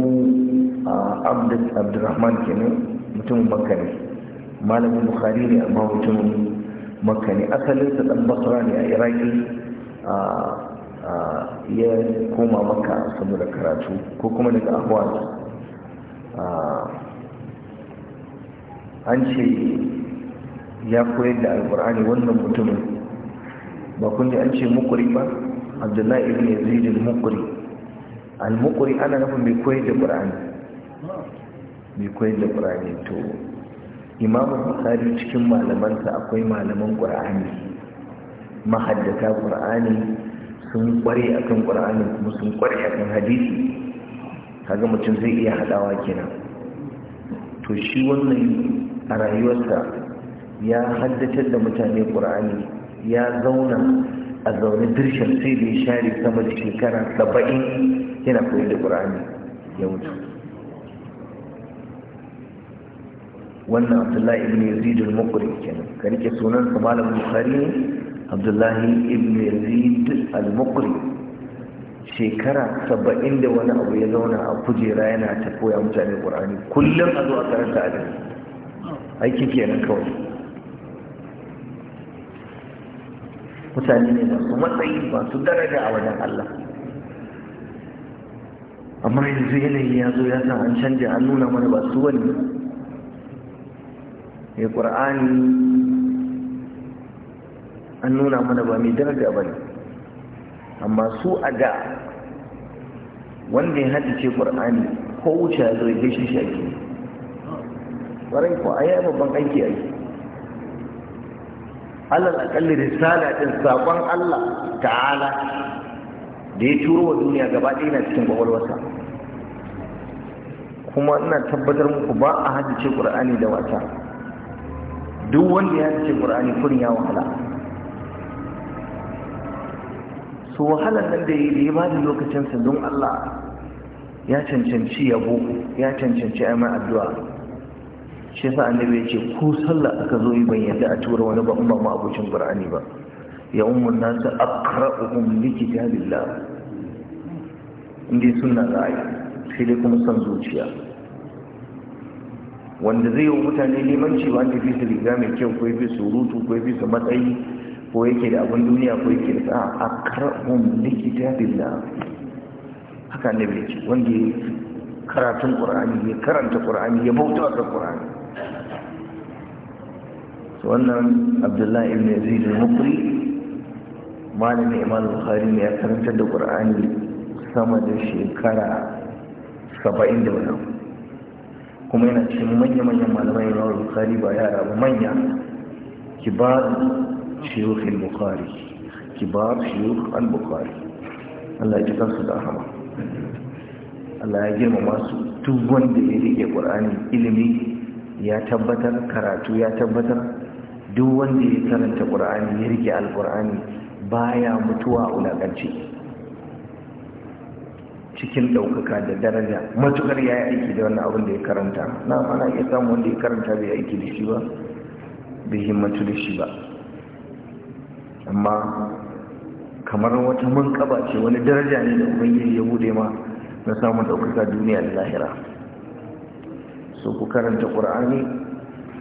S1: abdurrahman kenan mutum makka ne malamin bukhari ne amma mutum makka ne asalin sa dan basra ne a iraki ya koma makka saboda karatu ko kuma daga ahwaz an ce ya koyar da alkur'ani wannan mutumin ba kun ji an ce mukuri ba abdullahi ibn yazid al-muqri al-muqri ana nufin mai koyar da qur'ani mai koyar da qur'ani to imam bukhari cikin malamansa akwai malaman qur'ani mahaddata qur'ani sun kware akan qur'ani kuma sun kware akan hadisi kaga mutum zai iya hadawa kenan to shi wannan a rayuwarsa ya haddace da mutane qur'ani ya zauna a zaune dirshin sai da ya share sama da shekara saba'in yana koyi da ƙur'ani ya mutu wannan abdullahi ibn yazid al-muqri kenan ka rike sunan sa malam bukhari ne abdullahi ibn yazid al-muqri shekara saba'in da wani abu ya zauna a kujera yana ta koya mutane ƙur'ani kullum a zo a karanta a aikin kenan kawai mutane ne masu matsayi masu daraja a wajen Allah amma yanzu yanayi ya zo ya san an canja an nuna mana ba su wani mai ƙur'ani an nuna mana ba mai daraja ba ne amma su a da wanda ya haddace ƙur'ani ko wuce ya zo ya gaishe shi ake ƙwarai ko a yi babban aiki aiki alal akalli risala ɗin sakon Allah ta'ala da ya turo wa duniya gaba ɗaya na cikin kwakwalwarsa kuma ina tabbatar muku ba a haddace ƙur'ani da wata duk wanda ya haddace ƙur'ani kurin ya wahala su wahalar nan da ya ba da lokacinsa don Allah ya cancanci yabo ya cancanci ayyukan addu'a shi yasa annabi ya ce ko sallah aka zo yi bayyana a tura wani ba ba abucin qur'ani ba ya ummun nasu aqra'uhum li kitabillah inda sunna za a sai dai kuma san zuciya wanda zai yi mutane limanci ba wanda fi su riga mai kyau ko fi surutu ko fi su matsayi ko yake da abin duniya ko yake da a aqra'uhum li kitabillah haka annabi ya ce wanda ya karatun qur'ani ya karanta qur'ani ya bauta ga qur'ani wannan abdullahi ibn yazid al-mukri malamin imam bukhari ne ya karanta da qur'ani sama da shekara 70 da wani kuma yana cikin manya-manyan malamai imam bukhari ba yara ba manya kibar shiyukh al-bukhari kibar shiyukh al-bukhari Allah ya kika su da rahama Allah ya girmama su duk wanda ya rike qur'ani ilimi ya tabbatar karatu ya tabbatar duk wanda ya karanta ƙur'ani ya rike alƙur'ani baya mutuwa wulaƙance cikin ɗaukaka da daraja Matukar ya yi aiki da wannan abin da ya karanta na ana iya samun wanda ya karanta bai aiki da shi ba bai himmatu da shi ba amma kamar wata munkaba ce wani daraja ne da ubangiji ya bude ma na samun ɗaukaka duniya da lahira so ku karanta ƙur'ani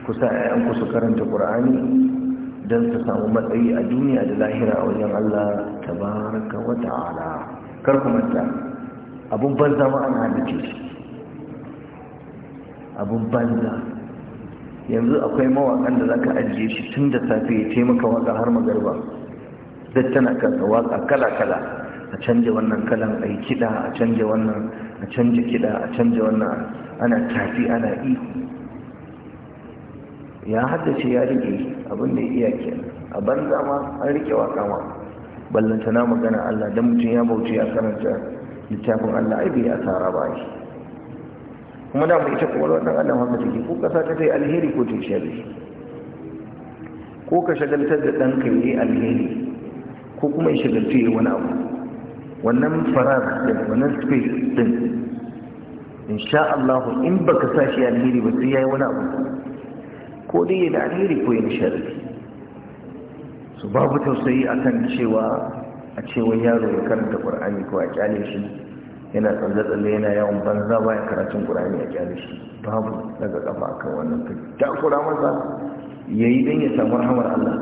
S1: ku sa 'ya'yanku su karanta ƙur'ani don su samu matsayi a duniya da lahira a wajen Allah tabaraka wa ta'ala kar ku manta abun banza ma an halice shi abun banza yanzu akwai mawakan da zaka ajiye shi tun da safe ya taimaka waka har magarba duk tana kasa waka kala-kala a canje wannan kalan a yi kiɗa a canje wannan a canje kiɗa a canje wannan ana tafi ana ihu ya haddace ya rike abin da iya ke a banza ma an rike ma, ballanta ballantana magana Allah don mutum ya bauci ya karanta littafin Allah ai bai asara ba shi kuma da mu ita kuma wannan Allah haka take ko kasa ta kai alheri ko ta shari ko ka shagaltar da danka yi alheri ko kuma ya shagaltu yi wani abu wannan farar da wannan space din insha Allah in baka sa shi alheri ba sai yayi wani abu ko dai ya da alheri ko ya sharri su babu tausayi akan cewa a cewa yaro ya karanta ƙur'ani ko a kyale shi yana tsalle-tsalle yana yawan banza bayan karatun ƙur'ani a kyale shi babu daga kafa akan wannan kai kura masa ya yi don ya samu rahamar Allah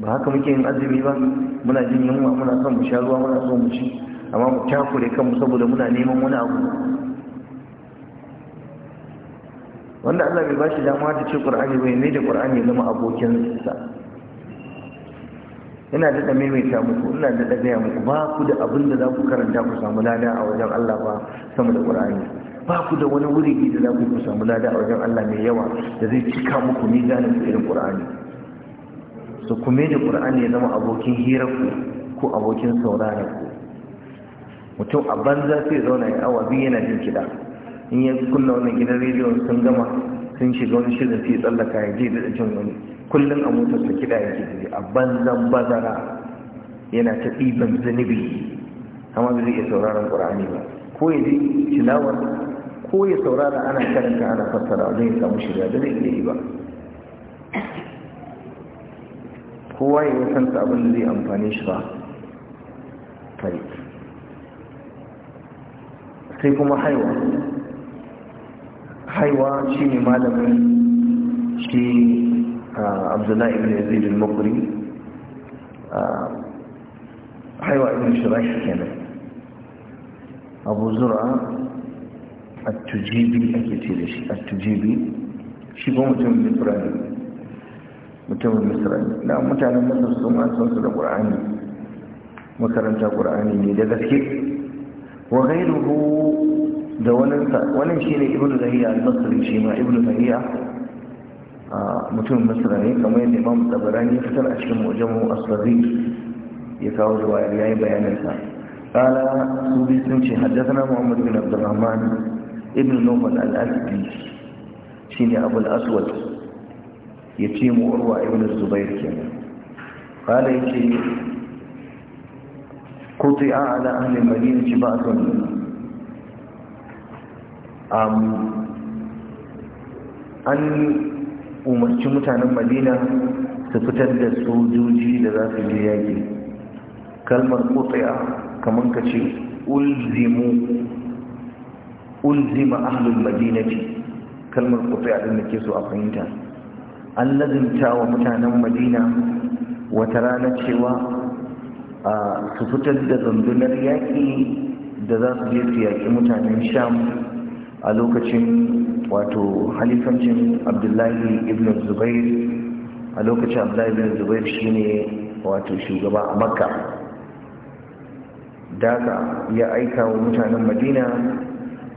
S1: ba haka muke yin azumi ba muna jin yunwa muna son mu sha ruwa muna son mu ci amma mu takure kanmu saboda muna neman wani abu wanda Allah bai bashi dama ta ce Qur'ani bai ne da Qur'ani zama abokin sa ina da maimaita muku ina da gaya muku ba ku da abin da za ku karanta ku samu lada a wajen Allah ba sama da Qur'ani ba ku da wani wuri da za ku ku samu lada a wajen Allah mai yawa da zai cika muku mizanin ku irin Qur'ani su kuma da Qur'ani ya zama abokin hirar ku ko abokin sauraron ku mutum a banza sai zauna ya awa biyu yana jin kiɗa in ya kunna wannan gidan rediyon sun gama sun shiga wani shirin yi tsallaka ya je da jin wani kullum a motar ta kiɗa ke ji a banzan bazara yana ta ɗiban zunubi amma zai iya sauraron ƙur'ani ba ko ya ji tilawar ko ya saurara ana karanta ana fassara ya samu shirya da zai iya yi ba kowa ya san abin da zai amfani shi ba kai sai kuma haiwa haiwa shi ne malamin shi abdullahi ibn yazid al-mukri haiwa ibn shirashi kenan abu zura at-tujibi ake ce da shi at-tujibi shi ko mutum misra ne mutumin misra ne na mutanen masar su ma san su da qur'ani makaranta qur'ani ne da gaske wa ghayruhu da wannan shi ne ibn zahiya al-basri shi ma ibn zahiya mutumin masra ne kamar yadda imam tabarani ya fitar a cikin mujamu asfari ya kawo riwayar yayi bayaninsa qala subi sun ce haddathana muhammad bin abdurrahman ibn numan al-asbi shine abul aswad yace mu urwa ibn zubair kenan qala yace قطع على أهل المدينة بعث an umarci mutanen madina su fitar da sojoji da za su je yaƙi kalmar kotsaya kamar ka ce ulzima ahlul madinati kalmar kotsaya din da ke so a fahimta an lazimta wa mutanen madina wata rana cewa su fitar da zandunar yaƙi da za su je su yaƙi mutanen sham a lokacin wato halifancin abdullahi ibn zubair a lokacin abdullahi ibn zubair shine wato shugaba a makka daga ya aika wa mutanen madina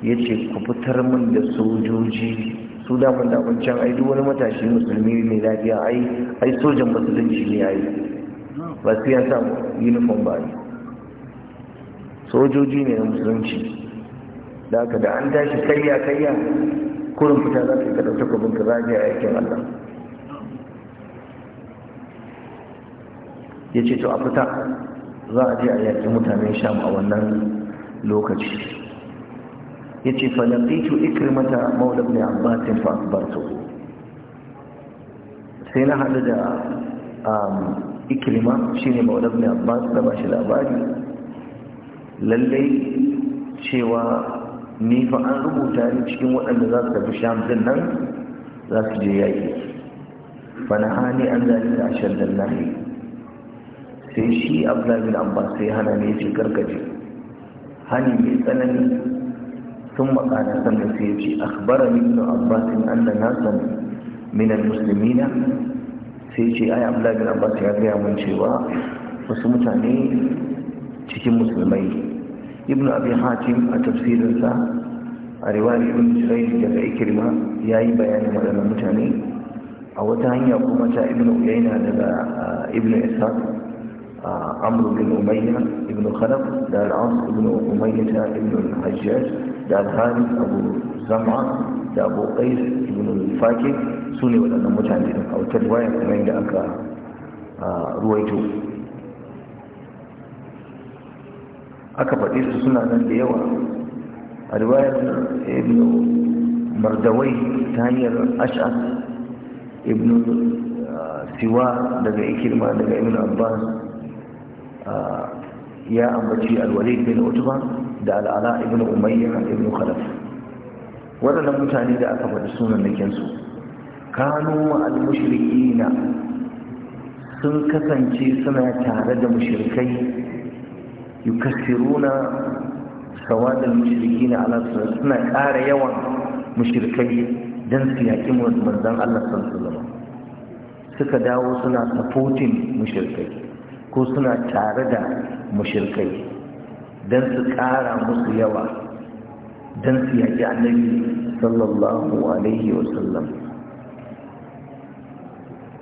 S1: ya ce ku fitar min da sojoji su damar da wancan aidu duk wani matashi musulmi mai lafiya ai yi sojan musulunci ne ai ba su yasa sa uniform ba sojoji ne na musulunci da haka da an tashi kayya kayya kurin fita za ka yi kaɗauta kubin ka zagaya aikin Allah ya ce to a fita za a je a yaƙi mutanen sham a wannan lokaci ya ce falaƙitu ikrimata maula ibn abbasin fa akbartu sai na haɗu da um, ikirma shi ne ne a abbas da ba shi labari lallai cewa ni fa an rubuta ni cikin waɗanda za su tafi sham din nan za su je yaƙi fa na hani an zalika a shaddan nahi sai shi abdullahi bin abbas sai hana ne ce karkace hani mai tsanani sun makana sannan sai ya ce akhbara min abbas in anna nasan min al-muslimina sai ce ai abdullahi bin abbas ya gaya mun cewa wasu mutane cikin musulmai ibn abi hatim a tafsirinsa a riwayar ibn jirai daga ikirma ya yi bayanin waɗannan mutane a wata hanya kuma ta ibn uyaina daga ibn ishaq Amru bin umayya ibn khalaf da al'as ibn umayya ta ibn hajjaj da al hari abu zama da abu qais ibn al-fakih su ne waɗannan mutane a wata riwaya kuma yadda aka ruwaito aka faɗi su suna nan da yawa a riwayar ibn mardawai ta hanyar ash'ad ibn uh, siwa daga ikirma daga ibn abbas uh, ya ambaci alwalid bin utba da al'ala ibn umayya ibn khalaf waɗannan mutane da aka faɗi sunan nakensu kanu al mushrikina sun kasance suna tare da mushrikai yukassiruna sawadal mushrikina ala suna ƙara yawan mushrikai don su yaƙi manzon Allah sallallahu alaihi suka dawo suna supporting mushrikai ko suna tare da mushrikai don su ƙara musu yawa don su yaƙi annabi sallallahu alaihi wasallam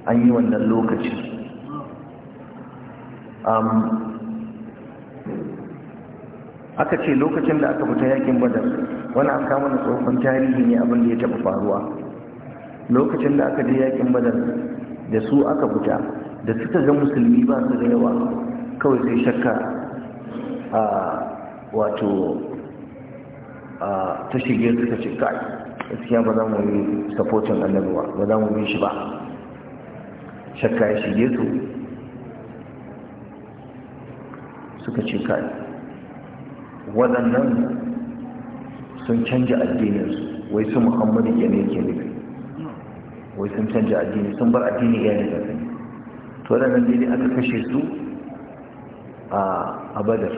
S1: an yi wannan lokacin um, aka ce lokacin da aka fita yakin badar wani an kama da tsohon tarihi ne abin da ya taɓa faruwa lokacin da aka je yakin badar da su aka fita da suka ga musulmi ba su da yawa kawai sai shakka a wato ta shige suka ce kai gaskiya ba za mu yi sapotin annabuwa ba ba za mu yi shi ba shakka ya shige su suka ce kai waɗannan sun canja addininsu wai su muhammadu ke ne ke nufi wai sun canja addini sun bar addini iyayen da sani to waɗannan dai aka kashe su a badar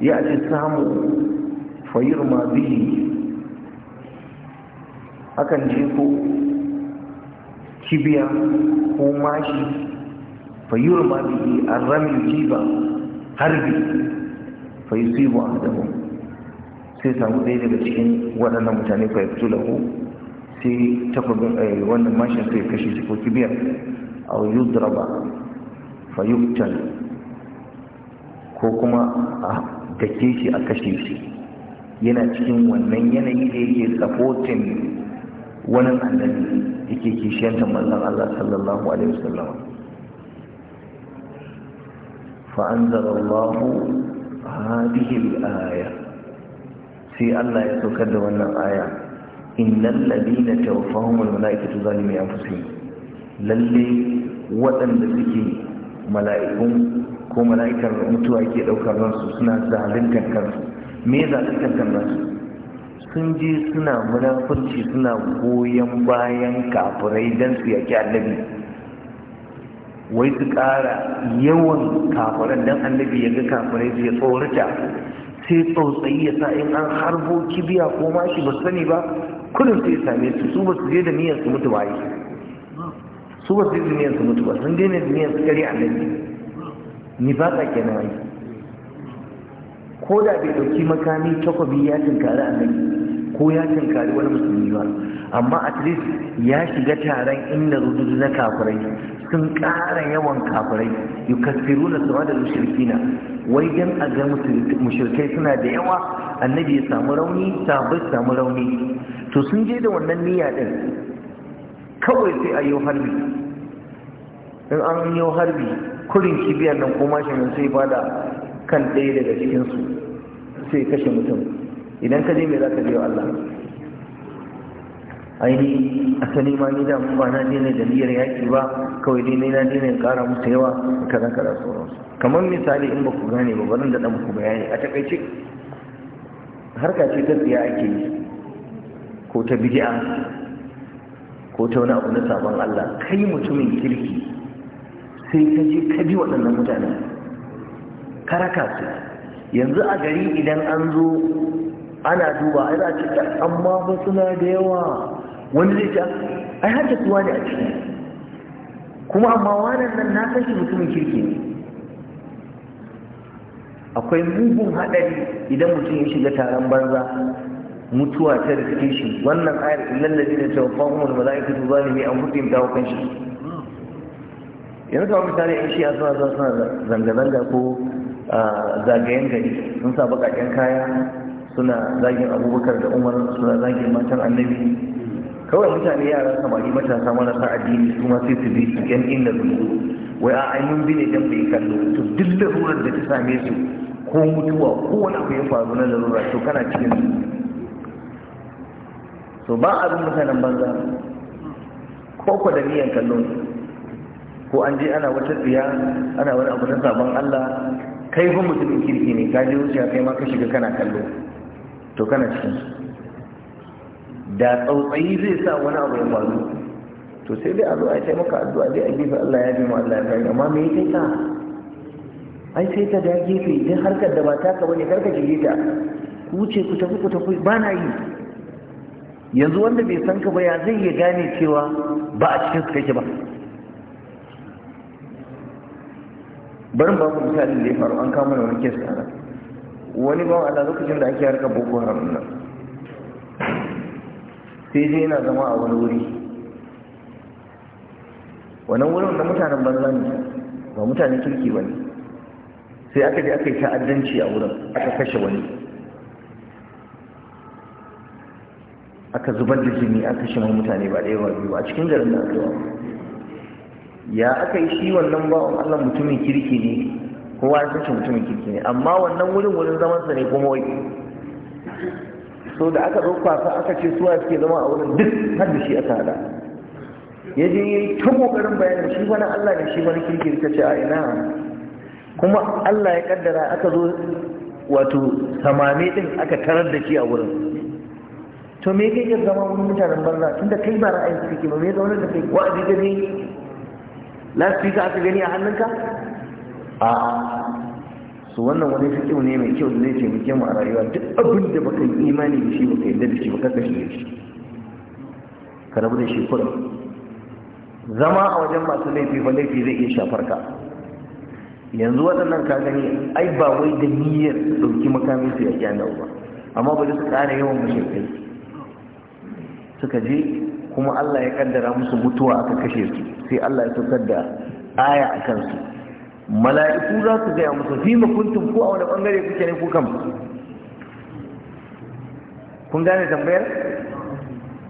S1: ya ce samu fayir ma bihi akan je ko kibiya ko mashi fayir ma bihi an ramin jiba harbi fa a ahdahu sai samu ɗaya daga cikin waɗannan mutane fa yaqtu lahu sai takobin eh, wannan mashin sai kashe shi ko kibiyar yi yudraba fa yuqtal ko kuma a dake shi a kashe shi yana cikin wannan yanayi da yake supporting wani annabi yake kishiyanta manzon Allah sallallahu alaihi wasallam فأنزل الله هذه الآية في الله يتكد وانا آية إن الذين توفاهم الملائكة ظالمي أنفسهم للي وأن لسكي ملائكم ko mala'ikar mutuwa ke ɗaukar ransu suna zaluntar kansu me zaluntar kansu sun je suna munafurci suna goyon bayan kafirai don su yaki annabi wai su ƙara yawan kafiran dan annabi ya ga kafirai ya tsorata sai tsautsayi ya sa in an harbo kibiya ko mashi ba sani ba kudin sai same su su ba su je da niyyar su mutu ba su ba su je da niyyar su mutu ba sun daina da niyyar su kare annabi ni ba ka kenan ai ko da bai ɗauki makami takobi ya a annabi ko ya tinkari wani musulmi ba amma at least ya shiga taron inda rududu na kafirai sun ƙara yawan kafirai kafiru na sama da mushrikina wai don a ga mushirkai suna da yawa annabi ya samu rauni sabai samu rauni to sun je da wannan niyya ɗin, kawai sai a yau harbi in an yau harbi kurin kibiyar nan ko mashin sai bada kan ɗaya daga cikinsu sai kashe mutum idan ka je mai za ka biyo Allah aini asali ma ni da ba na daina da niyyar yaki ba kawai dai ne na daina kara musu yawa kaza kaza sauransu kamar misali in ba ku gane ba barin da ku bayani a takaice harka ce ta tsiya ake yi ko ta bid'a ko ta wani abu na sabon Allah kai mutumin kirki sai ka je ka bi waɗannan mutane karaka su yanzu a gari idan an zo ana duba ana cikin amma ba suna da yawa Wani zai ce ai har kuwa ne a ciki kuma amma wannan nan na san shi mutumin kirki ne akwai mugun haɗari idan mutum ya shiga taron banza mutuwa ta riske shi wannan ayar illal ladina mai an zalimi anfusihim tawafan shi yanzu kawai misali in shi a suna zuwa suna zanga-zanga ko zagayen gari sun sa baƙaƙen kaya suna zagin abubakar da umar suna zagin matan annabi kawai mutane yara samari matasa marasa addini su ma sai su bi su yan inda su wai a ainihin mun bi ne dan bai kallo to duk da rurar da ta same su ko mutuwa ko wani abu ya faru na larura to kana cikin su to ba abin mutanen banza ko ko da niyan kallon, ko an je ana wata tsiya ana wani abu na sabon Allah kai fa mutumin kirki ne ka je wuce kai ma ka shiga kana kallo to kana cikin su da tsautsayi zai sa wani abu ya faru to sai dai a zo a taimaka addu'a dai a gefe Allah ya bimu Allah ya kai amma me yake ta ai sai ta da gefe idan harkar da ba ta ka bane karka shige ta ku ce ku tafi ku tafi ba na yi yanzu wanda bai san ka ba ya zai ya gane cewa ba a cikin su kake ba barin ba ku misalin da ya faru an kama da wani kes wani ba a lokacin da ake harkar boko haram nan sai dai yana zama a wani wuri wannan wurin na mutanen banza ne ba mutanen kirki ba ne sai aka je aka yi ta'addanci a wurin aka kashe wani aka zubar da jini aka shi mutane ba ɗaya ba ba a cikin garin da aka ya aka yi shi wannan bawan allah mutumin kirki ne kowa ya kashe mutumin kirki ne amma wannan wurin wurin zamansa ne kuma wai so da aka ɗauka sa aka ce suwa suke zama a wurin duk har da shi aka tsada ya je yi ta ƙoƙarin bayanin shi wani allah ne shi wani kirki ta ce a ina kuma allah ya kaddara aka zo wato samame ɗin aka tarar da shi a wurin to me kai ka zama wani mutanen banza tunda kai ba ra'ayin su kake ba me zaunar da kai wa'azi ne lasfika aka gani a hannunka a so wannan wani fikiu ne mai kyau da zai ce mu a rayuwa duk abin da baka yi imani da shi baka yarda da shi baka kashi da shi ka rabu da shi kullum zama a wajen masu laifi ba laifi zai iya shafar ka yanzu waɗannan ka gani ai ba wai da niyyar su ɗauki makamin su yaƙi annabi ba amma ba su ƙara yawan mushrikai suka je kuma Allah ya kaddara musu mutuwa aka kashe su sai Allah ya saukar da aya a kansu mala'iku za su gaya musu fi makuntum ko a wani bangare kuke ne ku kam kun gane tambayar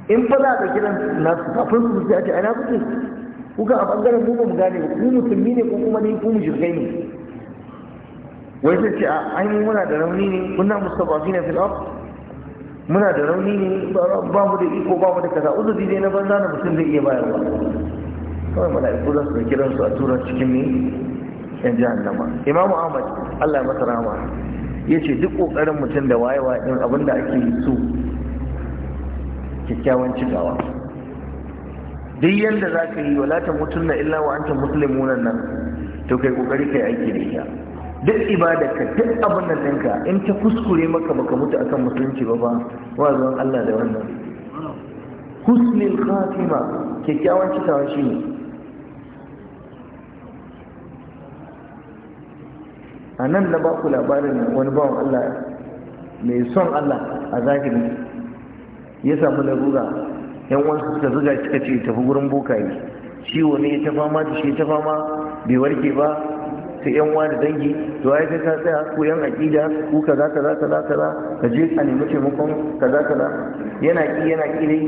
S1: in fa za a ɗauki nan na su kafin su sai a ce ana kuke kuka a bangaren mu ba mu gane ku ku musulmi ne ko kuma ni ku mu mushrikai ne wai sai ce a ai mu muna da rauni ne kunna mustadafina fil ard muna da rauni ne ba mu da iko ba mu da kaza uzuri ne na banza na mutum zai iya bayarwa kawai mala'iku za su ɗauki kiransu a tura cikin ne yan jahannama imamu ahmad allah masa rama ya ce duk ƙoƙarin mutum da wayewa ɗin abin da ake so kyakkyawan cikawa duk yadda za ka yi walata mutum na illa wa anta musulmunan nan to kai ƙoƙari kai aiki da ita duk ka duk abin nan ɗinka in ta kuskure maka baka mutu akan musulunci ba ba wa zuwan allah da wannan husnul khatima kyakkyawan cikawa shine a nan na ba ku labarin wani bawan Allah mai son Allah a zahiri ya samu larura yan wasu suka zuga suka ce tafi gurin bokaye ciwo ne ya ta fama da shi ta fama bai warke ba ta yan wa da dangi to ai sai ta tsaya ko yan aqida ko kaza kaza kaza kaza ka je ka nemi taimakon kaza kaza yana ki yana ki ne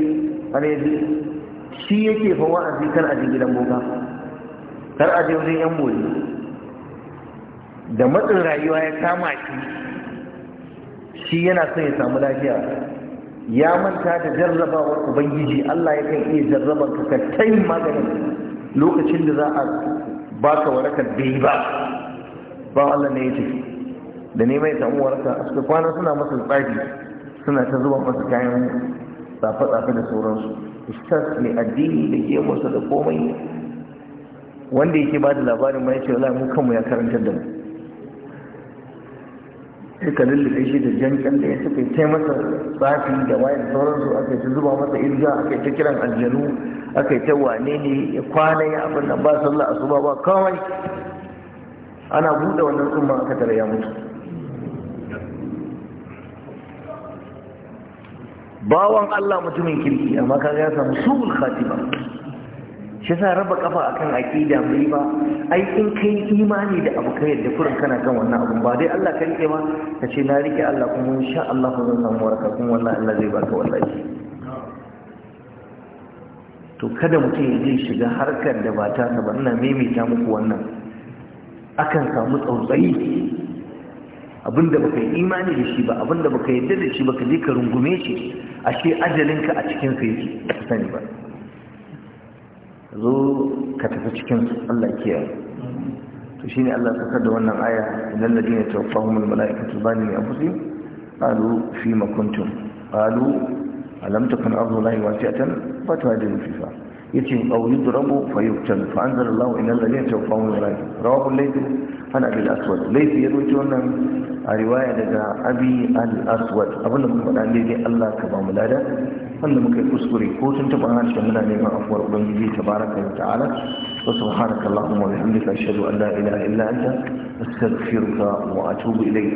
S1: har yanzu shi yake fa wa'azi kar a je gidan boka kar a je wajen yan boli da matsin rayuwa ya kama shi shi yana son ya samu lafiya ya manta da jarrabawa ubangiji Allah ya kan iya jarrabar ka kai maganin lokacin da za a baka waraka da yi ba ba Allah ne ya tafi da ne mai samu waraka a cikin kwana suna masa tsari suna ta zuba masa kayan tsafe-tsafe da sauransu ustaz mai addini da gemarsa da komai wanda yake ba da labarin mai ce mu kanmu ya karantar da mu suka lullube shi da jan ya suka yi masa tsafi da wayan sauransu aka yi zuba masa irga aka yi ta kiran aljanu aka yi ta wane ne ya kwana ya abin nan ba sallah a asuba ba kawai ana buɗe wannan tsumma aka tara ya mutu bawan Allah mutumin kirki amma kaga ya samu subul khatima shi sa raba kafa akan aqida mai ba ai in kai imani da abu kai da furin kana kan wannan abun ba dai Allah ka rike ba ka ce na rike Allah kuma insha Allah ku zan samu waraka kuma wallahi Allah zai baka wallahi to kada mutum ya je shiga harkar da ba ta ba ina maimaita muku wannan akan samu tsautsayi abinda baka yi imani da shi ba abinda baka yarda da shi baka je ka rungume shi ashe ajalinka a cikin sa yake sani ba zo ka tafi cikin Allah kiyaye to shi ne Allah sakar da wannan aya idan da dina tawaffahumul mala'ikatu a anfusihim qalu fi ma kuntum qalu alam takun ardullahi wasi'atan fatuhajiru fiha yace aw yudrabu fayuqtal fa yi Fa Idan Allahu innal ladina tawaffahumul mala'ikatu Rawa kun layth an abi al-aswad ya yaruci wannan a riwaya daga abi al-aswad abinda kuma faɗa ne Allah ka ba mu lada wanda muka yi kuskure ko sun taɓa ana cikin muna neman afuwar ubangiji ta baraka da ta'ala wa subhanaka allahumma wa bihamdika ashhadu an la ilaha illa anta astaghfiruka wa atubu ilayk